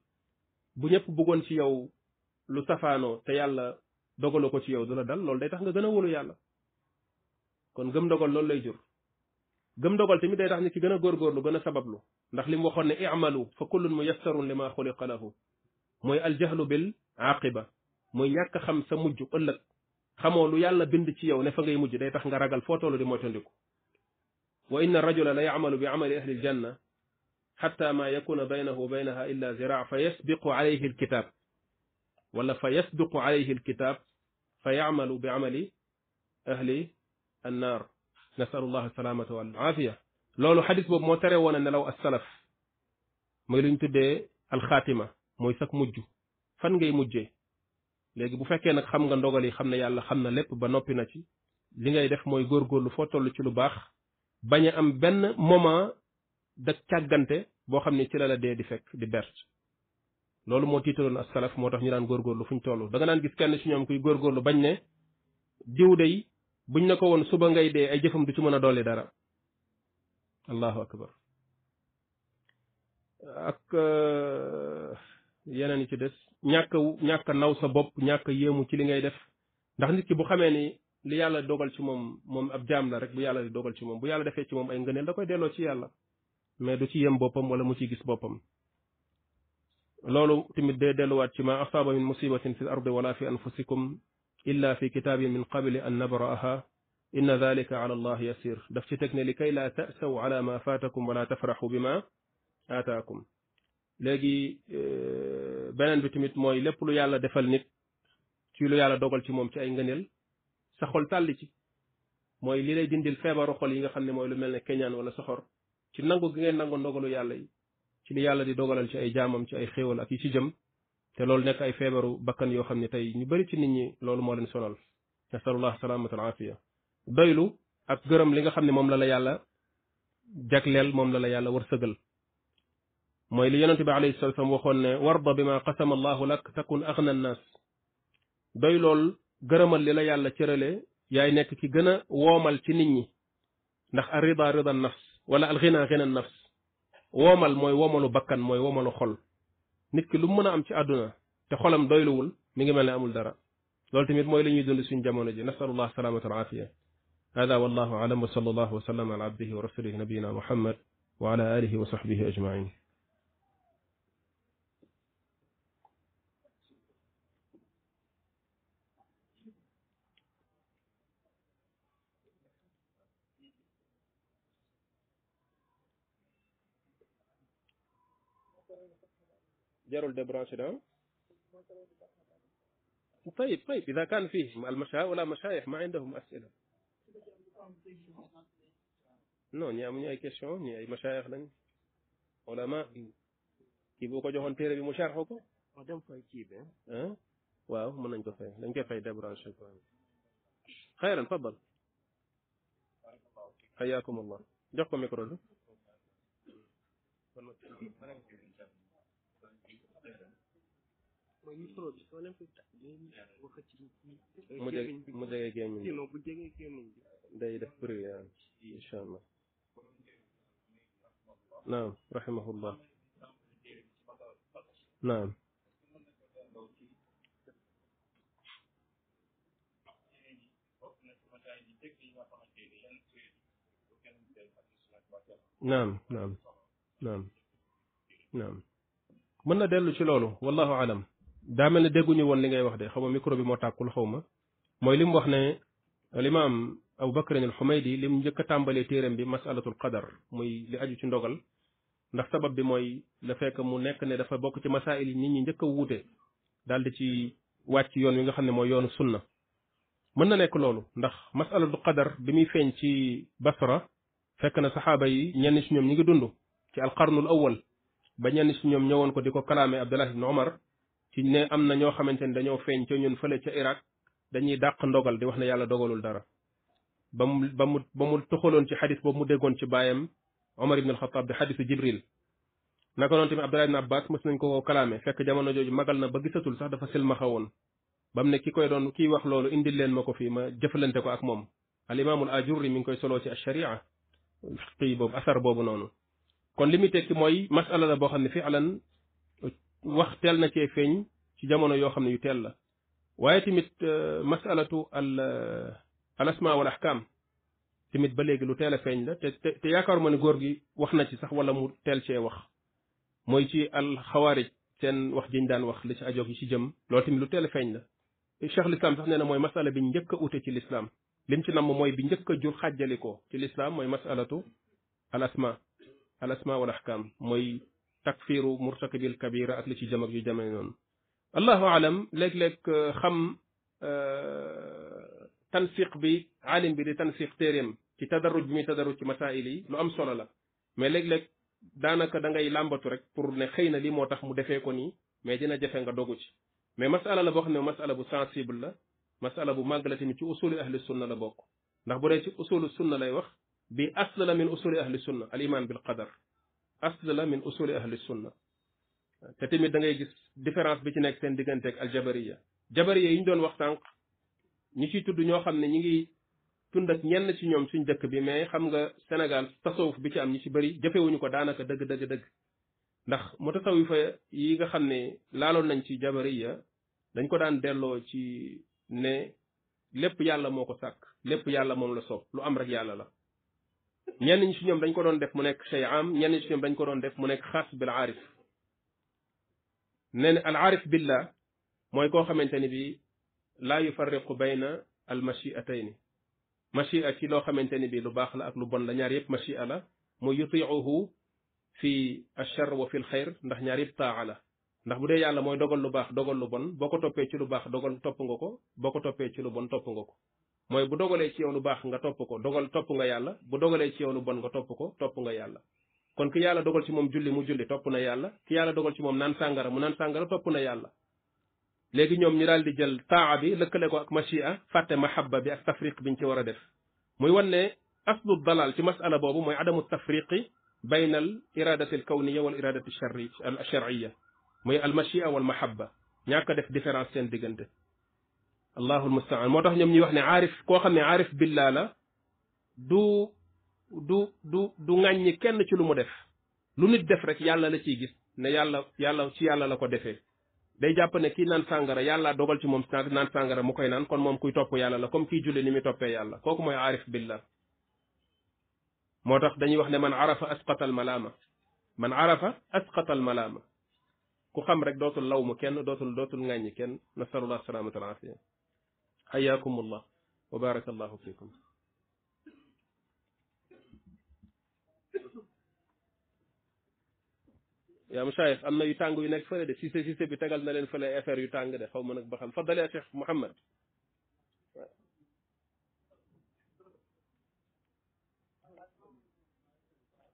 bu ñëpp bëggoon ci yow lu safaanoo te yàlla dogaloo ko ci yow du la dal loolu day tax nga gën a wóolu yàlla kon gëm ndogal loolu lay jur gëm dogal tamit day tax nit ki gën a góorgóorlu gën a sabablu ndax lim mu waxoon ne i'malu fa kullun muyassarun lima ma xuliqa lahu mooy aljahlu bil aqiba mooy ñàkk xam sa mujj ëllëg xamoo lu yàlla bind ci yow ne fa ngay mujj day tax nga ragal foo toll di moytandiku wa inna rajula la ya'malu bi amali ahli aljanna xatta ma yakuna baynahu wa baynaha illa zira fa yasbiqu alayhi alkitab wala fa yasbiqu alayhi alkitab fa ya'malu bi amali ahli annar nasalullah salaamata wal aafiya loolu xadis boobu moo tere woon a nelaw as salaf mooy lu ñu tuddee alxaatima mooy sag mujj fan ngay mujjee léegi bu fekkee nag xam nga ndogal yi xam na yàlla xam na lépp ba noppi na ci li ngay def mooy góorgóorlu foo toll ci lu baax bañ am benn moment da càggante boo xam ne ci la la dee di fekk di berte loolu moo tiitaloon as salaf moo tax ñu daan góor góorgóorlu fu ñu toll da nga naan gis kenn ci ñoom kuy góorgóorlu bañ ne diw day buñ ne ko woon suba ngay dee ay jëfam du ci mën a dolli dara allahu akbar ak euh, yeneen yi ci des ñàkk ñàkk naw sa bopp ñàkk yéemu ci li ngay def ndax nit ki bu xamee ni li yàlla dogal ci moom moom ab jaam bu yàlla di dogal moom bu yàlla defee ci moom ay ngëneel da koy delloo ci yàlla mais du ci yem boppam wala mu ciy gis boppam loolu tamit day delluwaat ci ma asaba min musibatin fil ardi wala fi anfusikum إلا في كتاب من قبل أن نبرأها إن ذلك على الله يسير دفتتكني لكي لا تأسوا على ما فاتكم ولا تفرحوا بما آتاكم لجي آه، بنان بتميت موي لب يالا دفل نت تي يالا دوغل تي موم اي نغنيل سخول تالي تي موي لي لاي دينديل فيبر خول ييغا خاني موي لو ملني ولا سخور تي نانغو غي نانغو ندوغلو يالا تي لي يالا دي دوغالال تي اي جامم تي اي خيوال اك تي جيم te loolu nekk ay feebaru bakkan yoo xam ne tey ñu bari ci nit ñi loolu moo leen sonal nasalullah salaamata al afiya doylu ak gërëm li nga xam ne moom la la yàlla jagleel moom la la yàlla wërsëgal mooy li yonente bi alayhi salatu wasalam waxoon ne warda bima qasama allahu lak takun aghna annas doy lool gërëmal li la yàlla cërale yaay nekk ki gën a woomal ci nit ñi ndax a rida rida nafs wala al ghina xina nafs woomal mooy woomalu bakkan mooy woomalu xol nit ki lu mu mën am ci aduna te xolam doylu wul mi ngi melni amul dara lol tamit moy lañuy dund suñu jamono ji nasalullah salaamata wa aafiya hada wallahu alam wa sallallahu wa sallam ala abdihi wa rasulihi nabiyina muhammad wa ala alihi wa sahbihi ajmain جرول دبرانش دام طيب طيب إذا كان فيه المشا ولا مشايخ ما عندهم أسئلة نون يا من يكشون يا مشايخ لن علماء كيف هو جهون تيري بمشارح هو قدم فاي كيب إيه؟ أه؟ واو من أنك فاي لنك فاي دبرانش خيرا تفضل حياكم الله جاكم ميكرو mooy micro bi soo leen koy tàq day wax ci mu jege mu jege gémmiñ sinon bu jegee gémmiñ bi day def bruit yaa incha allah naam rahimahullah naam naam naam naam naam mën na dellu ci loolu wallahu alam daa mel dégguñu woon li ngay wax de xaw ma micro bi moo tàkkul xaw ma mooy li mu wax ne li limaam Abu Bakrin al Xumaydi li mu njëkk a tàmbalee téeram bi masalatul qadar muy li aju ci ndogal ndax sabab bi mooy la fekk mu nekk ne dafa bokk ci masail yi nit ñi njëkk a wuute daal di ci wàcc yoon wi nga xam ne mooy yoonu sunna mën na nekk loolu ndax masalatul qadar bi muy feeñ ci Basra fekk na saxaaba yi ñenn su ñoom ñi ngi dund ci alqarnul awal ba ñenn si ñoom ñëwoon ko di ko kalaame Abdullah ibn ci ne am na ñoo xamante dañoo feeñ ca ñun fële ca Irak dañuy dàq ndogal di wax ne yàlla dogalul dara ba mu ba mu ba ci xadis boobu mu déggoon ci baayam Omar ibn al-Khattab di xadisu Jibril naka noonu tamit Abdullah ibn Abbas mës nañ ko koo kalaame fekk jamono jooju magal na ba gisatul sax dafa silmaxa woon bam ne ki koy doon kiy wax loolu indil leen ma ko fii ma jëfalante ko ak moom al imaamul ajurri mi ngi koy soloo ci ash-sharia kii boobu asar boobu noonu kon li muy tekki mooy masala la boo xam ne fi alan wax tel na cee feeñ ci jamono yoo xam ne yu tel la waaye tamit masalatu al al asma wal ahkam tamit ba léegi lu teel a feeñ la te te yaakaaruma ni góor gi wax na ci sax wala mu teel cee wax mooy ci al xawaarij seen wax jiñ daan wax li ci ajoog yi ci jëm loolu tamit lu teel a feeñ la cheikh l'islam sax nee na mooy masala bi njëkk a ute ci l'islam lim ci namm mooy bi njëkk a jur xàjjalikoo ci l'islam mooy masalatu al asma al asma wal ahkam mooy takfiru murtakibil kabira ak li ci jëm ak yu demee noonu allahu alam léeg-léeg xam tansiq bi alim bi di tansiq téeréem ci tadaruj bi muy tadaruj ci masail yi lu am solo la mais léeg-léeg daanaka da ngay làmbatu rek pour ne xëy na li moo tax mu defee ko nii mais dina jafe nga dogu ci mais masala la boo xam ne masala bu sensible la masala bu màgg la tamit ci usuli ahli sunna la bokk ndax bu dee ci usulu sunna lay wax bi asla la min usuli ahli sunna al iman bil qadar asl la min usuli ahli sunna te tamit da ngay gis différence bi ci nekk seen diggante ak aljabariya jabariya yi ñu doon wax sànq ñi ciy tudd ñoo xam ne ñi ngi tund ak ñenn ci ñoom suñ dëkk bi mais xam nga Sénégal tasawuf bi ci am ñi ci bëri jëfewuñu ko daanaka dëgg dëgg dëgg ndax mutasawifa yi nga xam ne laaloon nañ ci jabariya dañ ko daan delloo ci ne lépp yàlla moo ko sàkk lépp yàlla moom la soob lu am rek yàlla la ñenn ñi si ñoom ko doon def mu nekk shay am ñenn ñi si ñoom ko doon def mu nekk xaas bil aarif nee na al aarif mooy koo xamante ni bi laa yufarriqu bayna al machiatayni machia ci loo xamante ni bi lu baax la ak lu bon la ñaar yëpp machia la mu yutiuhu fi achar wa fi l ndax ñaar yëpp taaxa la ndax bu dee yàlla mooy dogal lu baax dogal lu bon boo ko toppee ci lu baax dogal topp nga ko boo ko toppee ci lu bon topp nga ko mooy bu dogalee ci yow lu baax nga topp ko dogal topp nga yàlla bu dogalee ci yow bon nga topp ko topp nga yàlla kon ki yàlla dogal ci moom julli mu julli topp na yàlla yàlla dogal ci moom naan sàngara mu naan sàngara topp na yàlla léegi ñoom ñu daal di jël taa bi lëkkale ko ak machia fàtte mahabba bi ak tafriq biñ ci war a def muy wan ne aslu dalal ci masala boobu mooy adamu tafriqi bayna al iradati al kawniya wal iradati al sharriya mooy al machia wal mahabba ñàkk a def différence seen diggante allahu almustaan moo tax ñoom ñuy wax ne aarif koo xam ne aarif billaa la du du du du ŋàññi kenn ci lu mu def lu nit def rek yàlla la ciy gis ne yàlla yàlla ci yàlla la ko defee day jàpp ne kii naan sàngara yàlla dogal ci moom naan sàngara mu koy naan kon moom kuy topp yàlla la comme kii julli ni muy toppee yàlla kooku mooy aarif billah moo tax dañuy wax ne man arafa asqata al malaama man arafa asqata al malaama ku xam rek dootul law mu kenn dootul dootul ŋàññi kenn nasalullah salaamata al afiya حياكم الله وبارك الله فيكم يا مشايخ اما يتانغو ينك فلا دي سيسي سيسي بي نالين فلا افير يتانغ دي خو منك بخل فضل يا شيخ محمد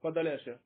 فضل يا شيخ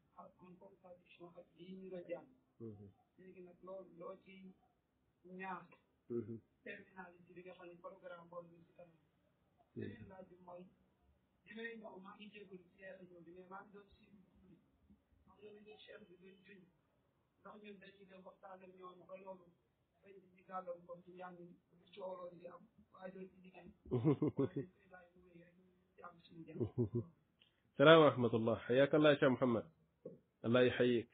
ak am confrontation ak lii ñu la jàmm léegi nag loolu loo ci ñaax terminalité bi nga xam ne programme boobu ñu si kanam beneen laaj bi mooy li may ñëw maa ngi jégalu ci yàlla ñëw bi mais maa ngi doon suivi tuuti ndax loolu ñu chef bi doon juñ ndax ñun dañuy dem waxtaan ak ñoom ba loolu dañ di ci gàlloon ko ci njàng mi bu cooloon di am waaye doon ci liggéey salaamaaleykum wa rahmatullah xayakallah Cheikh Mouhamed allah yaxeyik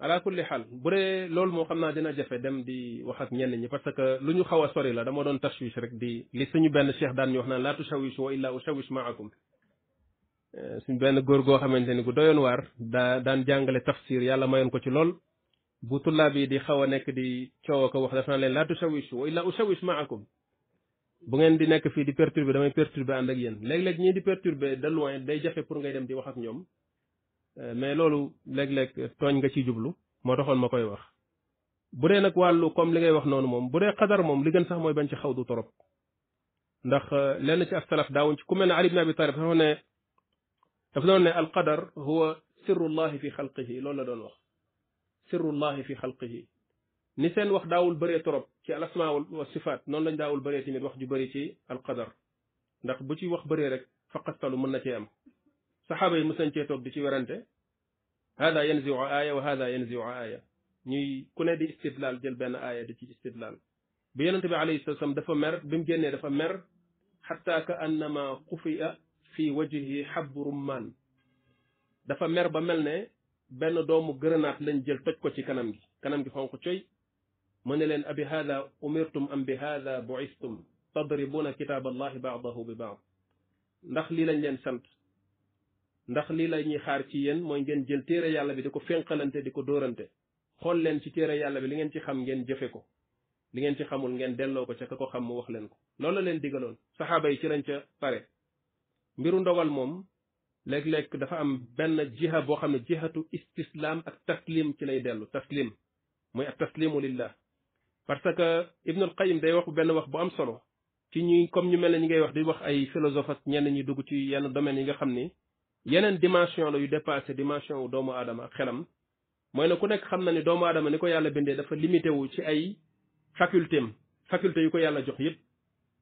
ala kulli xaal bu dee loolu moo xam naa dina jafe dem di wax ak ñenn ñi parce que lu ñu xaw a sori la dama doon tashwish rek di li suñu benn cheikh daan ñu wax naan laa tushawish wa illaa ushawish maakum eh, suñ benn góor goo xamante ni gu doyoon waar daa daan jàngale tafsir yàlla mayoon ko ci lool bu tullaa bi di xaw a nekk di coow ko wax daf naa leen laa tushawish wa illaa ushawish maakum bu ngeen di nekk fii di perturber damay perturber ànd ak yéen léeg-léeg ñii di perturber de loin day jafe pour ngay dem di wax ak ñoom mais loolu leg leg tooñ nga ci jublu moo taxoon ma koy wax bu dee nag wàllu comme li ngay wax noonu moom bu dee xadar moom li gën sax mooy bañ ci xawdu torop ndax lenn ci astalaf salaf daawuñ ci ku mel ne Ali ibn Abi Talib dafa ne dafa doon ne alqadar huwa sirrullahi fi xalqihi loolu la doon wax sirrullahi fi xalqihi ni seen wax daawul bëree torop ci al asma wa sifat noonu lañ daawul bëree tamit wax ju bëri ci alqadar ndax bu ci wax bëree rek faqastalu mën na cee am saxaaba yi musañ cee toog di ci werante hada yanziu aaya wa hada yanziu aaya ñuy ku ne di istidlaal jël benn aaya di ci istidlaal bi yonente bi alayhi salatu wasalam dafa mer bi mu génnee dafa mer xatta ka annama xufiya fi wajhi xabbu rummaan dafa mer ba mel ne benn doomu grenade lañ jël toj ko ci kanam gi kanam gi xonq coy mu ne leen abi hada umirtum am bi hada buistum tadribuna kitaab allahi baadahu bi baad ndax lii lañ leen sant ndax lii la ñuy xaar ci yéen mooy ngeen jël téere yàlla bi di ko fenqalante di ko dóorante xool leen ci téere yàlla bi li ngeen ci xam ngeen jëfe ko li ngeen ci xamul ngeen delloo ko ca ka ko xam mu wax leen ko loolu la leen digaloon saxaaba yi ci lañ ca pare mbiru ndogal moom léeg lekk dafa am benn jiha boo xam ne jihatu istislaam ak taslim ci lay dellu taslim muy ak taslimu lillah parce que ibnul qayim day wax benn wax bu am solo ci ñuy comme ñu mel ne ñi ngay wax di wax ay philosophe ak ñenn ñi ci yenn domaines yi nga xam ni yeneen dimension la yu dépassé dimension wu doomu aadama ak xelam mooy ne ku nekk xam na ni doomu aadama ni ko yàlla bindee dafa limité wu ci ay faculté am faculté yu ko yàlla jox yëpp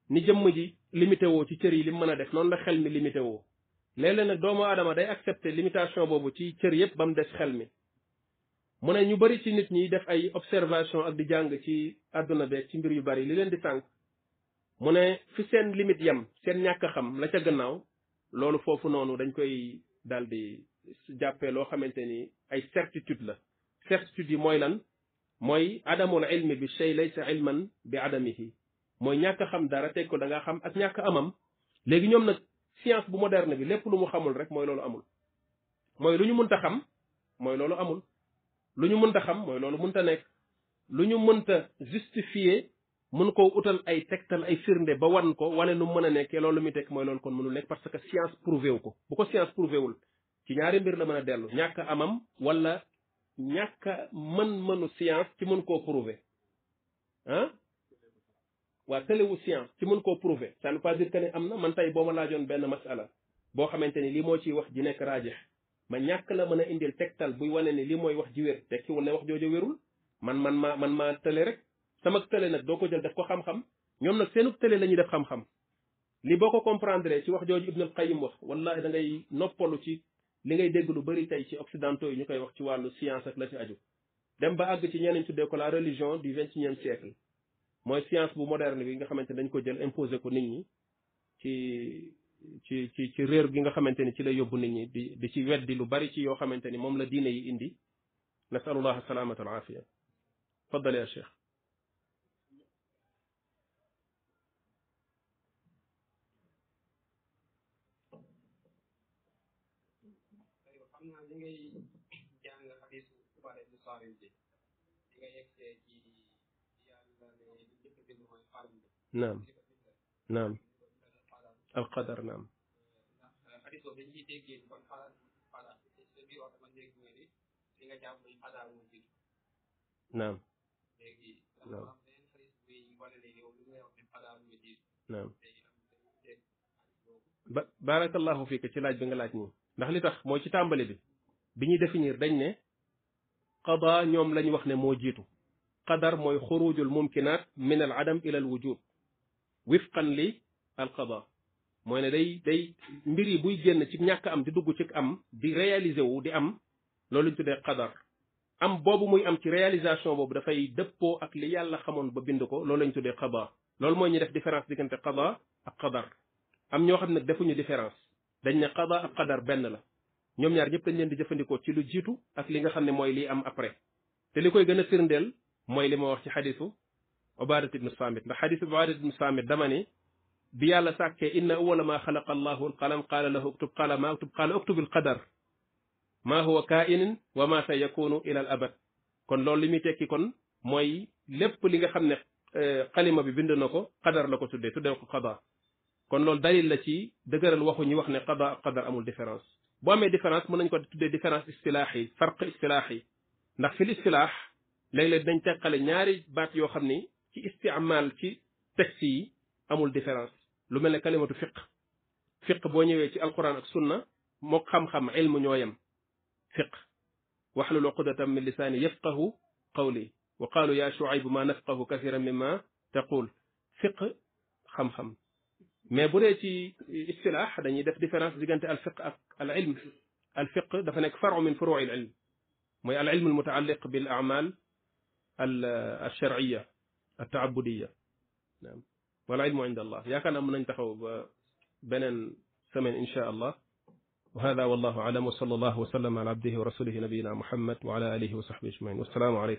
ni jëmm ji limité woo ci cër yi li mu mën a def noonu la xel mi limité woo léeg nag doomu aadama day accepté limitation boobu ci cër yëpp ba mu des xel mi mu ne ñu bari ci nit ñi def ay observation ak di jàng ci àdduna beeg ci mbir yu bari li leen di tànk mu ne fi seen limite yem seen ñàkk xam la ca gannaaw loolu foofu noonu dañ koy daal di jàppee loo xamante ni ay certitude la certitude yi mooy lan mooy adamul ilmi bi shay laysa ilman bi adamihi mooy ñàkk xam dara teg ko danga xam ak ñàkk amam léegi ñoom nag science bu moderne bi lépp lu mu xamul rek mooy loolu amul mooy lu ñu mënta xam mooy loolu amul lu ñu mënta xam mooy loolu mënta nekk lu ñu mënta justifier mën koo utal ay tegtal ay firnde ba wan ko wane nu mën a nekkee loolu mi tekk mooy loolu kon mënul nekk parce que science prouvé wu ko bu ko science prouvé wul ci ñaari mbir la mën a dellu ñàkk amam wala ñàkk mën-mënu science ci mën koo prouvé ah waa tëlewu science ci mën koo prouvé ça ne veut pas dire que ne am na man tey boo ma laajoon benn masala boo xamante ni li moo ciy wax ji nekk raajex ma ñàkk la mën a indil tegtal buy wane ni lii mooy wax ji wér tekki wala wax jooja wérul man man maa man maa tële rek samak tële nak doko jël def ko xam-xam ñom nak seenu tële la def xam-xam li boko comprendre ci wax jooju Ibn al-Qayyim wax wallahi da ngay noppolu ci li ngay dégg lu bari tay ci occidentaux yi ñukay wax ci walu science ak la ci aju dem ba ag ci ñeneen tuddé ko la religion du 21e siècle moy science bu moderne bi nga xamanteni dañ ko jël imposer ko nit ñi ci ci ci ci réer gi nga xamanteni ci la yóbbu nit ñi di di ci weddi lu bari ci yo xamanteni mom la diine yi indi nasalullah salaamata al aafiya faddal ya sheikh අන්නාදගේ ඥාන හදිස් වලදී සාරිදී. ඒක එක්කේ කි යාළුවනේ දෙකකින් හොයි පරිදි. නම්. නම්. القدر نعم. حديث وبنجي تيجي كون فادا فادا تسبي وكمان ديك ميري تيجي جاب بي فادا وبنجي. نعم. نعم. نعم. barakallahu baarakallahu fiika ci laaj bi nga laaj nii ndax li tax mooy ci tàmbali bi bi ñuy définir dañ ne qada ñoom lañ wax ne moo jiitu qadar mooy xurujul mumkinat min al adam ila al wujud wifqan li al qada mooy ne day day mbir yi buy génn ci ñàkk am di dugg ci am di réaliser wu di am loolu ñu tuddee qadar am boobu muy am ci réalisation boobu dafay dëppoo ak li yàlla xamoon ba bind ko loolu lañ tuddee qada loolu mooy ñu def différence diggante qada ak qadar am ñoo xam ne defuñu différence dañ ne qada ak qadar benn la ñoom ñaar ñëpp dañ leen di jëfandikoo ci lu jiitu ak li nga xam ne mooy li am après te li koy gën a firndeel mooy li ma wax ci xadisu ubadat ibnu samit ndax xadisu ubadat ibnu samit dama ni bi yàlla sàkkee inna awwala ma xalaqa allahu alqalam qala lahu uktub qala ma uktub qaala uktubil qadar ma huwa kainin wa ma sa yakunu ila al abad kon loolu li muy tekki kon mooy lépp li nga xam ne xalima bi bind na ko qadar la ko tuddee tuddee ko qada kon loolu dalil la ci dëgëral waxu ñi wax ne qada qadar amul différence bo amee différence mën nañ ko tudde différence istilaax farq istilaax ndax fi istilaax léeg-léeg dañ teqale ñaari baat yoo xam ni ci istiamal ci texte yi amul différence lu mel ne kalimatu fiq fiq boo ñëwee ci alquran ak sunna moo xam-xam ilmu ñooyam fiq waxlul uqdatam min lisani yafqahu qawli wa qalu ya shuaybu ma nafqahu kathiran mimma taqul fiq xam-xam mais bu dee ci istilaax dañuy def différence diggante al fiq ak al ilm al fiq dafa nekk faru min furui al ilm mooy al ilm al mutaalliq bil amal al al sharciya al taabudiya naam wal ilmu inda allah yaakaar naa mën nañ taxaw ba beneen semaine insha allah وهذا والله اعلم وصلى الله وسلم على عبده ورسوله نبينا محمد وعلى اله وصحبه اجمعين والسلام عليكم